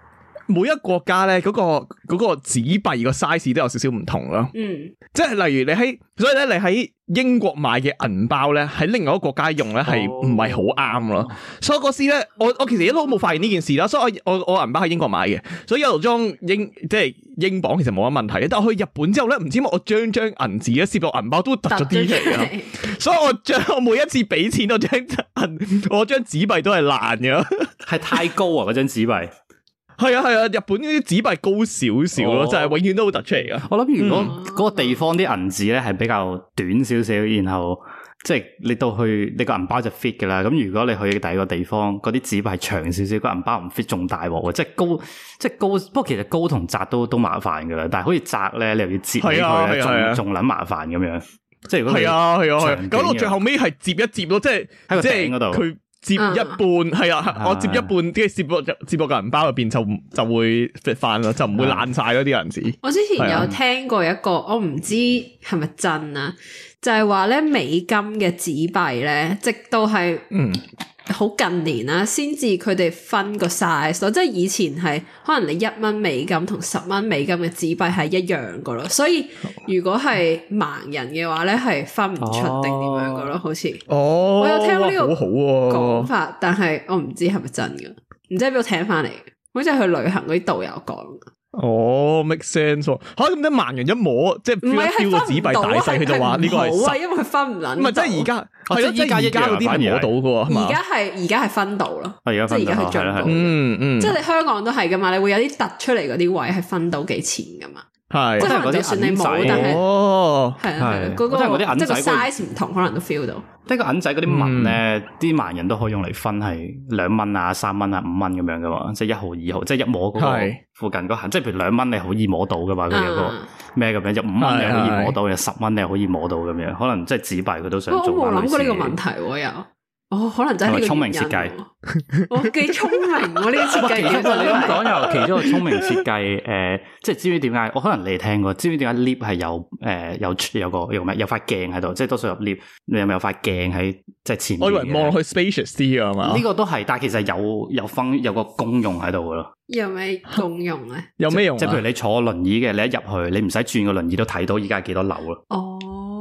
每一國家咧、嗰個，嗰、嗰個嗰個紙幣個 size 都有少少唔同咯。嗯，即係例如你喺，所以咧你喺英國買嘅銀包咧，喺另外一個國家用咧係唔係好啱咯。所以嗰時咧，我我其實一路都冇發現呢件事啦。所以，我我我銀包喺英國買嘅，所以有度裝英即係英鎊，其實冇乜問題。但係我去日本之後咧，唔知點解我張張銀紙咧，攝到銀包都凸咗啲出嚟咯。凸凸所以我張我每一次俾錢我張銀，我張紙幣都係爛嘅，係太高啊！嗰張紙幣。係啊係啊，日本嗰啲紙幣高少少咯，就係、哦、永遠都好突出嚟噶。我諗如果嗰個地方啲銀紙咧係比較短少少，嗯、然後即係、就是、你到去你個銀包就 fit 噶啦。咁如果你去第二個地方，嗰啲紙幣長少少，個銀包唔 fit 仲大鑊啊！即係高，即係高。不過其實高同窄都都麻煩噶啦。但係好似窄咧，你又要折啊，咧，啊，仲捻還、啊、麻煩咁樣。即係如果係啊係啊，啊，搞、啊啊、到最後尾係折一折咯。即係喺個井嗰度。接一半，係、嗯、啊，我接一半，即係接我接我個銀包入邊就、啊、就會 fit 翻啦，就唔會爛晒咯啲銀紙。我之前有聽過一個，嗯、我唔知係咪真啊，就係話咧美金嘅紙幣咧，直到係嗯。好近年啦，先至佢哋分個 size，即係以前係可能你一蚊美金同十蚊美金嘅紙幣係一樣噶咯，所以如果係盲人嘅話咧，係分唔出定點樣噶咯，好似。哦、啊，啊、我有聽到呢個講法，好啊、但係我唔知係咪真噶，唔知喺邊度聽翻嚟，好似去旅行嗰啲導遊講。哦、oh,，make sense 喎嚇咁啲盲人一摸，即係唔係紙幣大細，佢就話呢個係分唔到？係因為因為分唔到，唔係 即係而家，咯、啊，而家啲係摸到嘅喎。而家係而家係分到啦，啊、即係而家係著到。嗯嗯，即係你香港都係嘅嘛，你會有啲突出嚟嗰啲位係分到幾錢嘅嘛？係，即係我覺得銀仔哦，係啊係啊，嗰個即係 size 唔同，可能都 feel 到。即係個銀仔嗰啲紋咧，啲盲人都可以用嚟分，係兩蚊啊、三蚊啊、五蚊咁樣噶嘛。即係一毫、二毫，即係一摸嗰個附近嗰痕，的即係譬如兩蚊你可以摸到噶嘛。佢有個咩咁樣，就五蚊你可以摸到，的有十蚊你可以摸到咁樣。可能即係紙幣佢都想做嗰啲事。不過我冇諗過呢個問題喎、啊、又。哦，可能真係聰明設計，我幾聰明我呢 個設計嘅。 你咁講又其中一個聰明設計，誒、呃，即係知唔知點解？我可能你哋聽過，知唔知點解 lift 係有誒、呃、有有個有咩有塊鏡喺度？即係多數入 lift 你有冇有塊鏡喺即係前面？我以為望落去 spacious 啲啊嘛。呢個都係，但係其實有有分有個功用喺度咯。有咩功用，用啊？有咩用？即係譬如你坐輪椅嘅，你一入去，你唔使轉個輪椅都睇到而家幾多樓咯。哦、oh。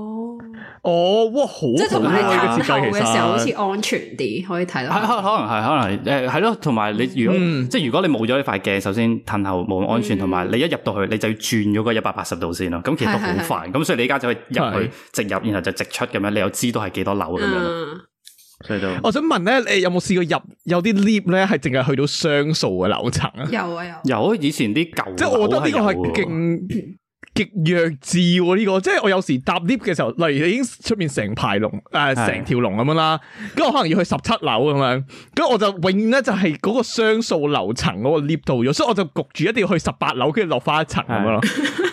哦，哇，好即係同埋你褪後嘅時候好似安全啲，可以睇到。可能係可能誒係咯，同埋你如果即係如果你冇咗呢塊鏡，首先褪後冇咁安全，同埋你一入到去，你就要轉咗個一百八十度先咯。咁其實都好煩，咁所以你而家就可以入去直入，然後就直出咁樣，你又知道係幾多樓咁樣。所以就我想問咧，你有冇試過入有啲 lift 咧係淨係去到雙數嘅樓層啊？有啊有。有以前啲舊，即係我覺得呢個係勁。極弱智喎呢個，即係我有時搭 lift 嘅時候，例如你已經出面成排龍，誒成條龍咁樣啦，咁我可能要去十七樓咁樣，咁我就永遠咧就係嗰個雙數樓層嗰個 lift 到咗，所以我就焗住一定要去十八樓，跟住落翻一層咁咯。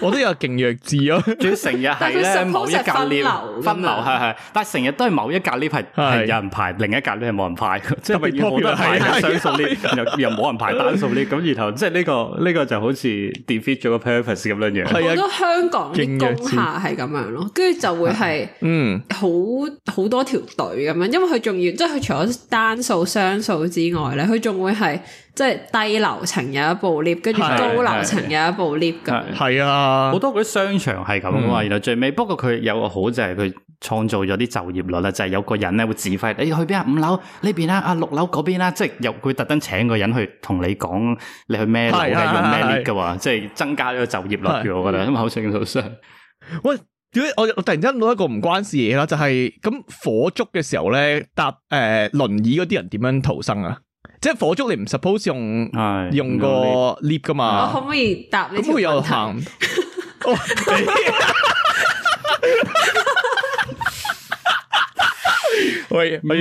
我都有勁弱智咯，主要成日係某一格 lift 分流，係係，但係成日都係某一格 lift 係有人排，另一格 lift 冇人排，即係特別破嘅係雙數 lift 又又冇人排單數 lift，咁然後即係呢個呢個就好似 defeat 咗個 purpose 咁樣樣。係啊。香港啲工廈係咁樣咯，跟住就會係，嗯，好好多條隊咁樣，因為佢仲要，即係佢除咗單數雙數之外咧，佢仲會係。即係低樓層有一部 lift，跟住高樓層有一部 lift 噶。係啊，好多嗰啲商場係咁噶嘛。嗯、然後最尾，不過佢有個好就係佢創造咗啲就業率啦，就係、是、有個人咧會指揮，你、欸、去邊啊？五樓呢邊啦，啊六樓嗰邊啦，即係又佢特登請個人去同你講你去咩樓係用咩 lift 噶，即係增加咗個就業率咗，我覺得。因啊，好彩咁逃喂，點解我我突然間到一個唔關事嘢啦？就係、是、咁火燭嘅時候咧，搭誒輪椅嗰啲人點樣逃生啊？即係火燭你唔 suppose 用個 lift 㗎嘛？可唔可以搭呢？可不可以行？喂，咪，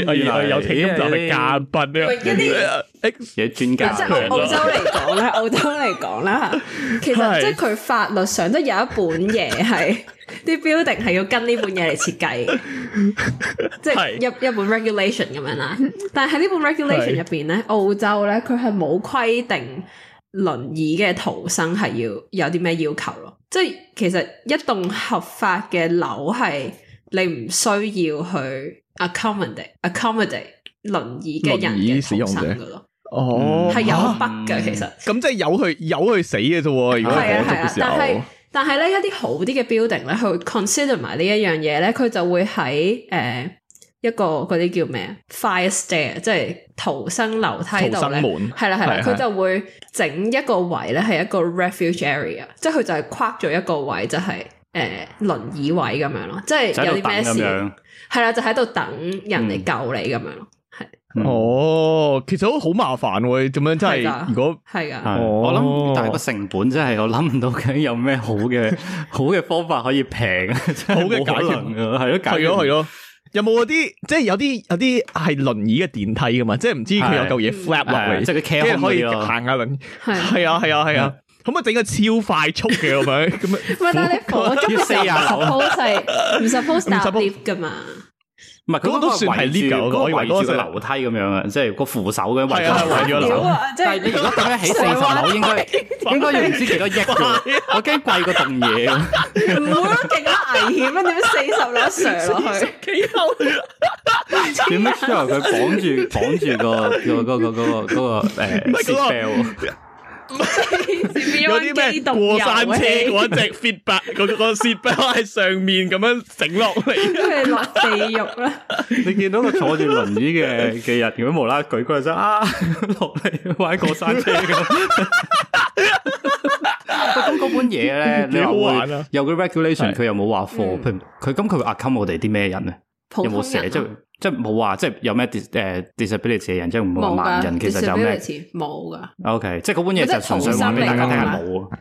啲 building 係要跟呢本嘢嚟設計，即係一一本 regulation 咁樣啦。但係喺呢本 regulation 入邊咧，澳洲咧，佢係冇規定輪椅嘅逃生係要有啲咩要求咯。即係其實一棟合法嘅樓係你唔需要去 accommodate, accommodate accommodate 輪椅嘅人嘅使用者噶咯。哦，係有 budget 其實。咁、嗯、即係有佢由佢死嘅啫，如果火燭嘅但係咧一啲好啲嘅 building 咧，佢 consider 埋呢一樣嘢咧，佢就會喺誒、呃、一個嗰啲叫咩 fire stair，即係逃生樓梯度咧，係啦係啦，佢是是 就會整一個位咧係一個 refuge area，即係佢就係框咗一個位，就係誒輪椅位咁樣咯，即係有啲咩事，係啦就喺度等人嚟救你咁樣咯。嗯嗯哦，其實都好麻煩喎，咁樣真係。如果係啊，我諗但係個成本，真係我諗唔到究竟有咩好嘅好嘅方法可以平，好嘅解。能係咯，係咯係咯。有冇嗰啲即係有啲有啲係輪椅嘅電梯噶嘛？即係唔知佢有嚿嘢 flat 落嚟，即係佢可以行下輪。係係啊係啊係啊，咁啊整個超快速嘅咁樣。唔係，但係你火速嘅時候，suppose 係唔 suppose 搭 lift 噶嘛？唔係，咁都算係 lift 嘅，個圍住個樓梯咁樣嘅，即係個扶手咁樣圍住圍咗。但係你如果咁樣起四十樓，應該應該要唔知幾多億啦？我驚貴過棟嘢。唔好咯，勁危險，點樣四十樓上去？幾好？點乜事啊？佢綁住綁住個個個個個個嗰個誒。有啲咩過山車嗰隻 seatbelt 嗰個 seatbelt 喺上面咁樣整落嚟，都係落地獄。你見到個坐住輪椅嘅嘅人咁樣無啦舉，佢就啊落嚟玩過山車咁。咁嗰本嘢咧，你好玩啊？有個 regulation，佢又冇話貨，佢咁佢會 account 我哋啲咩人咧？有冇寫，即係？即係冇啊！即係有咩 dis disability 嘅人，即係唔冇盲人，其實就咩？冇噶。OK，即係嗰本嘢就純粹講俾大家聽下。冇啊。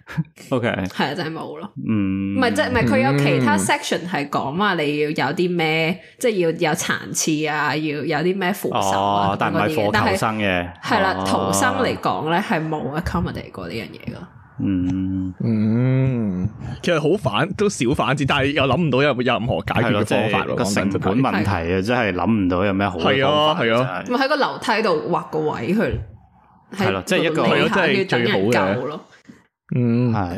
OK，係啊，真係冇咯。嗯，唔係即係唔係佢有其他 section 係講話你要有啲咩，即係要有殘次啊，要有啲咩扶手啊，但係唔係逃生嘅。係啦，逃生嚟講咧係冇 accommodate 過呢樣嘢咯。嗯嗯，其實好反都少反智，但係又諗唔到有有任何解決嘅方法咯。就是、個成本問題啊，真係諗唔到有咩好。係啊係啊，咪喺個樓梯度劃個位去，係咯，即、就、係、是、一個係咯，即係、就是就是、最好嘅咯。嗯，係。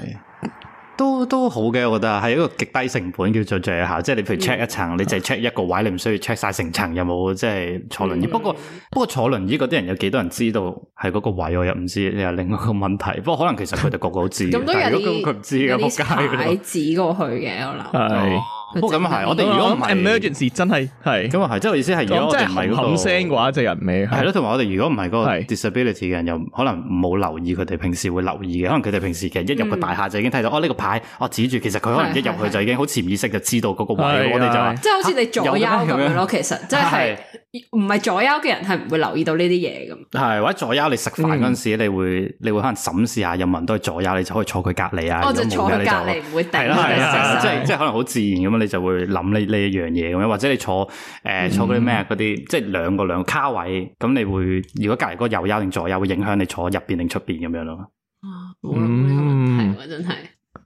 都都好嘅，我覺得係一個極低成本，叫做最好。即係你譬如 check 一層，嗯、你就 check 一個位，你唔需要 check 晒成層，有冇即係坐輪椅、嗯不。不過不過坐輪椅嗰啲人有幾多人知道係嗰個位我又唔知，你又另外一個問題。不過可能其實佢哋個個都知， 但如果佢唔知嘅，撲街嗰度指過去嘅，我諗。係是。哦咁又係，我哋如果唔係 emergency 真係係咁啊，係即係我意思係，是如果我哋唔係嗰個哼哼聲嘅話，就入唔到。係咯，同埋我哋如果唔係嗰個 disability 嘅人，又可能冇留意佢哋平時會留意嘅，可能佢哋平時其實一入個大廈就已經睇到、嗯、哦呢、這個牌，我、哦、指住，其實佢可能一入去就已經好潛意識就知道嗰個位。的我哋就即係好似你左腰咁樣咯，其實即、就、係、是。唔係左優嘅人係唔會留意到呢啲嘢。咁，係或者左優你食飯嗰陣時，你會你會可能審視下有冇人都係左優，你就可以坐佢隔籬啊。或者坐佢隔籬，唔會頂。係即係即係可能好自然咁樣，你就會諗呢呢一樣嘢咁樣，或者你坐誒坐嗰啲咩嗰啲，即係兩個兩個卡位，咁你會如果隔籬個右優定左優，會影響你坐入邊定出邊咁樣咯。哦，冇咁多問題，真係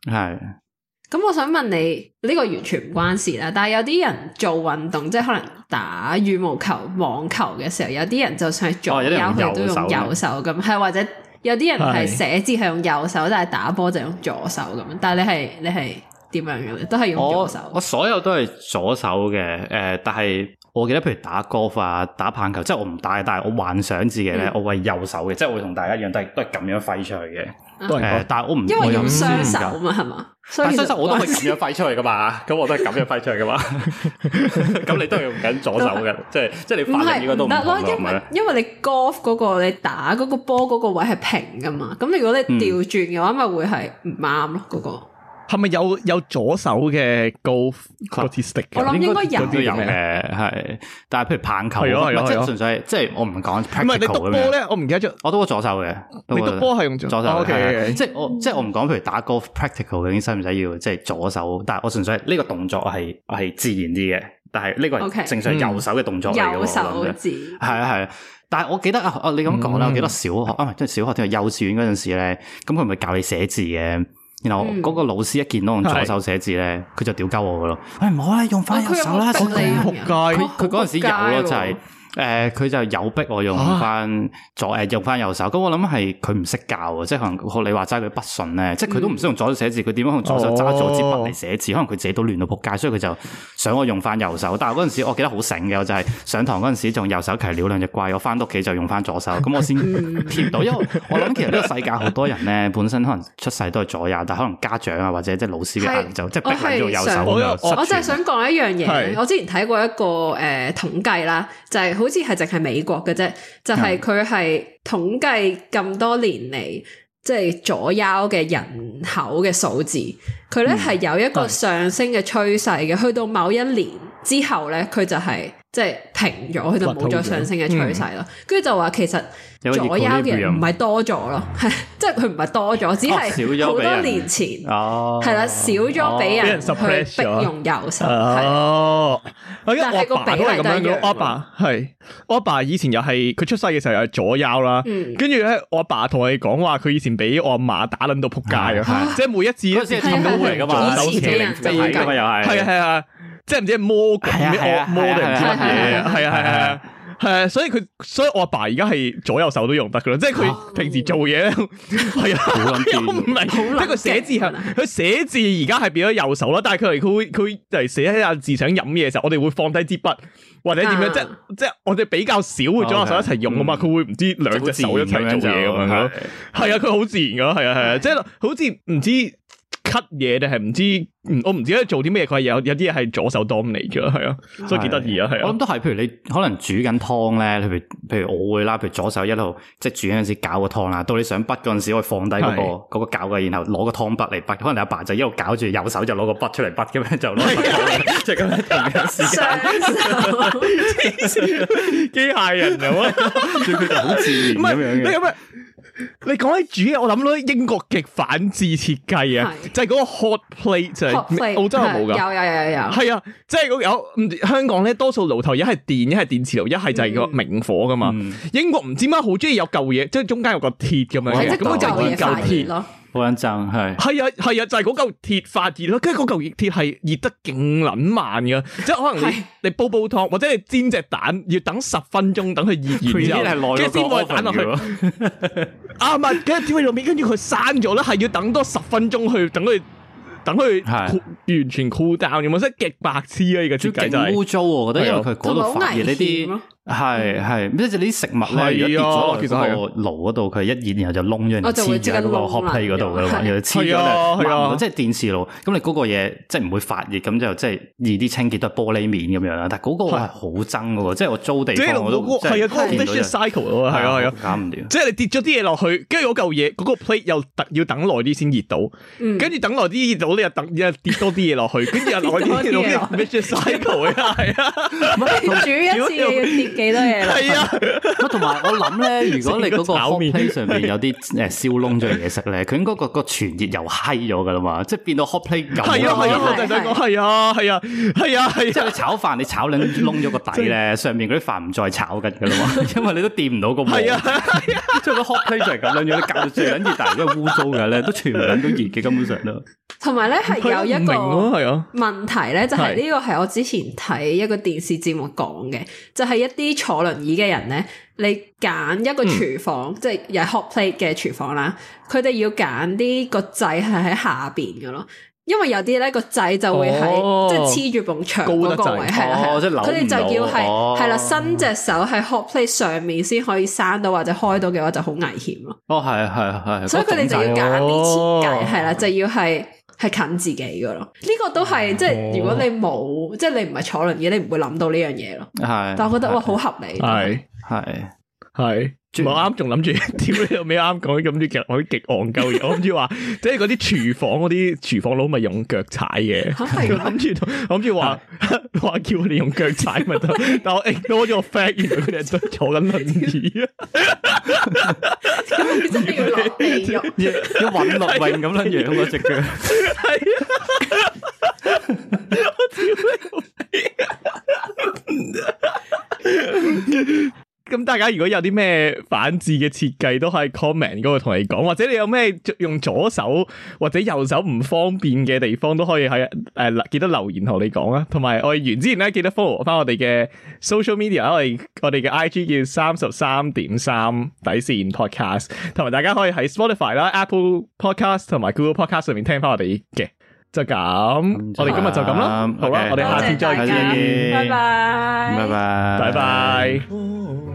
係。咁、嗯、我想問你，呢、這個完全唔關事啦。但係有啲人做運動，即係可能打羽毛球、網球嘅時候，有啲人就算係左，佢都用右手咁。係或者有啲人係寫字係用右手，的但係打波就用左手咁。但係你係你係點樣嘅？都係用左手我。我所有都係左手嘅。誒、呃，但係我記得，譬如打 golf 啊、打棒球，即係我唔打，但係我幻想自己咧，嗯、我係右手嘅，即係會同大家一樣，都係都係咁樣揮出去嘅。誒，都欸，但係我唔因為用雙手嘛，係嘛行？所以但係雙手我都係咁樣揮出嚟噶嘛，咁 我都係咁樣揮出嚟噶嘛，咁 你都係用緊左手嘅。是即係即係你唔係唔得咯？因為因為你 golf 嗰，嗰個你打嗰個波嗰個位係平噶嘛，咁你如果你調轉嘅話咪，嗯、會係唔啱咯嗰個。係咪有有左手嘅 golf？我諗應該有都有嘅，係。但係譬如棒球，係啊係啊，即係純粹即係我唔講 practical，唔係你篤波咧，我唔記得咗。我都係左手嘅，篤波係用左手嘅。即係我即係我唔講，譬如打 golf practical，究竟使唔使要即係左手？但係我純粹係呢個動作係係自然啲嘅。但係呢個正常右手嘅動作右手字，係啊係啊。但係我記得啊，哦你咁講啦，我記得小學啊，即係小學定係幼稚園嗰陣時咧，咁佢咪教你寫字嘅？然後嗰個老師一見到我用左手寫字呢，佢是就屌鳩我㗎喇。哎，唔好啦，用返右手啦！佢咁酷街，佢嗰陣時有咯，啊、就係、是。誒，佢、呃、就有逼我用翻左誒，哦、用翻右手。咁我諗係佢唔識教啊，即係可能學你話齋佢筆順咧，嗯、即係佢都唔識用，用左手寫字。佢點樣用左手揸咗支筆嚟寫字？可能佢自己都亂到仆街，所以佢就想我用翻右手。但係嗰陣時我記得好醒嘅，我就係上堂嗰陣時仲右手提了兩隻怪，我翻屋企就用翻左手。咁、嗯、我先貼到，因為我諗其實呢個世界好多人咧， 本身可能出世都係左右，但係可能家長啊或者即係老師嘅壓力，就即係逼喺右手我，我，我真就係想講一樣嘢，是我之前睇過一個誒、呃、統計啦，就係、是好似係淨係美國嘅啫，就係佢係統計咁多年嚟，即係左右嘅人口嘅數字，佢咧係有一個上升嘅趨勢嘅，對 去到某一年。之後咧，佢就係即係停咗，佢就冇咗上升嘅趨勢咯。跟住就話其實咗右嘅人唔係多咗咯，即係佢唔係多咗，只係好多年前係啦，少咗俾人去逼用右手。哦，但係個比例都係咁樣嘅。我阿爸係我阿爸以前又係佢出世嘅時候又係咗右啦。跟住咧，我阿爸同我講話，佢以前俾我阿嫲打捻到仆街啊，即係每一次，都係顫抖嚟噶嘛，手嘛又係，係啊係啊。即係唔知係魔魔定唔知乜嘢，係啊係啊係啊，所以佢所以我阿爸而家係左右手都用得噶啦，即係佢平時做嘢係啊，又唔係即係佢寫字係佢寫字而家係變咗右手啦，但係佢佢會佢嚟寫啲啊字想飲嘢嘅時候，我哋會放低支筆或者點樣，即係即係我哋比較少會左右手一齊用啊嘛，佢會唔知兩隻手一齊做嘢咁樣，係啊佢好自然噶，係啊係啊，即係好似唔知。乜嘢定係唔知？我唔知佢做啲咩？佢有有啲嘢係左手當嚟嘅，係啊，所以幾得意啊！係的，我諗都係。譬如你可能煮緊湯咧，譬如譬如我會啦，譬如左手一路即係煮嗰陣時攪個湯啦，到你想筆嗰陣時，我放低嗰、嗰個嗰的個攪嘅，然後攞個湯筆嚟筆。可能你阿爸，爸就一路搞住，右手就攞個筆出嚟筆咁樣，就攞筆攪，即係咁樣時間。機手 械人咁樣，好自然咁樣嘅。你講起煮嘢，我諗到啲英國極反智設計啊，是就係嗰個 hot plate 就係澳洲係冇噶，有有有有有，係啊，即係有，香港咧，多數爐頭一係電，一係電磁爐，一係就係個明火噶嘛。嗯嗯、英國唔知點解好中意有舊嘢，即係中間有個鐵咁哇樣，即係咁就係舊鐵咯。好穩陣。係係啊，係啊，就係嗰嚿鐵發熱咯，跟住嗰嚿熱鐵係熱得勁撚慢嘅，即係可能你你煲煲湯或者你煎隻蛋，要等十分鐘等佢熱完之後，跟住先放蛋落去。 啊唔係，跟住煮喺度邊，跟住佢閂咗啦，係要等多十分鐘去等佢等佢完全 cool down，即係極白痴啊呢、這個設計就係污糟，我覺得、啊、因為佢嗰度發熱呢啲。係係，即係你啲食物你跌咗落去個爐嗰度，佢一熱然後就窿咗，然後黐住喺個殼皮嗰度嘅，黐咗嚟，即係電磁爐。咁你嗰個嘢即係唔會發熱，咁就即係易啲清潔，都係玻璃面咁樣啦。但係嗰個係好憎嘅喎，即係我租地即係，每 shift 啊，係啊，搞唔掂。即係你跌咗啲嘢落去，跟住嗰嚿嘢，嗰個 plate 又特要等耐啲先熱到，跟住等耐啲熱到你又等又跌多啲嘢落去，跟住又耐啲落去，cycle 啊，係啊，煮一次幾多嘢啦？係啊，咁同埋我諗咧，如果你嗰個 hot plate 上面有啲誒燒燶咗嘅嘢食咧，佢應該個個傳熱又閪咗噶啦嘛，即係變到 hot plate 咁。係啊係啊，就想講係啊係啊係啊係。即係你炒飯，你炒卵燶咗個底咧，上面嗰啲飯唔再炒緊噶啦嘛，因為你都掂唔到個鑊。係啊，即係個 hot plate 就係咁樣樣，你隔到最緊熱，但係都係污糟嘅咧，都傳唔到熱嘅根本上都。同埋咧係有一個問題咧，就係呢個係我之前睇一個電視節目講嘅，就係一啲。啲坐輪椅嘅人咧，你揀一個廚房，嗯、即係又 hot plate 嘅廚房啦，佢哋要揀啲個掣係喺下邊㗎咯，因為有啲咧個掣就會喺、哦、即係黐住埲牆嗰個位，係啦係啦，佢哋就要係係噢啦，伸隻手喺 hot plate 上面先可以閂到或者開到嘅話就好危險咯。哦，係啊，係啊，係、啊，啊啊、所以佢哋就要揀啲設計係啦，就要係。 係近自己噶咯，呢、這個都係、哦、即係如果你冇，即係你唔係坐輪椅，你唔會諗到呢樣嘢咯。係是，但係我覺得哇，好合理。係是，係是，係。我啱仲諗住屌你度，咩啱講咁啲嘅，我啲極戇鳩嘢，我諗住話，即係嗰啲廚房嗰啲廚房佬咪用腳踩嘅，諗住諗住話話叫你用腳踩咪得， 但係我 ignore 咗 fact 原來佢哋坐緊輪椅。啊， 咁落 地獄一揾落泳咁樣樣嗰隻腳。 咁大家如果有啲咩反智嘅設計，都可以 comment 嗰度同你講，或者你有咩用左手或者右手唔方便嘅地方，都可以喺誒、呃、記得留言同你講啊。同埋我哋完之前咧，記得 follow 翻我哋嘅 social media，我哋我哋嘅 IG 叫三十三點三底線 podcast，同埋大家可以喺 Spotify 啦、Apple Podcast 同埋 Google Podcast 上面聽翻我哋嘅，就咁。嗯、我哋今日就咁啦，嗯、好啦，okay，我哋下次再見，拜，拜拜，拜拜。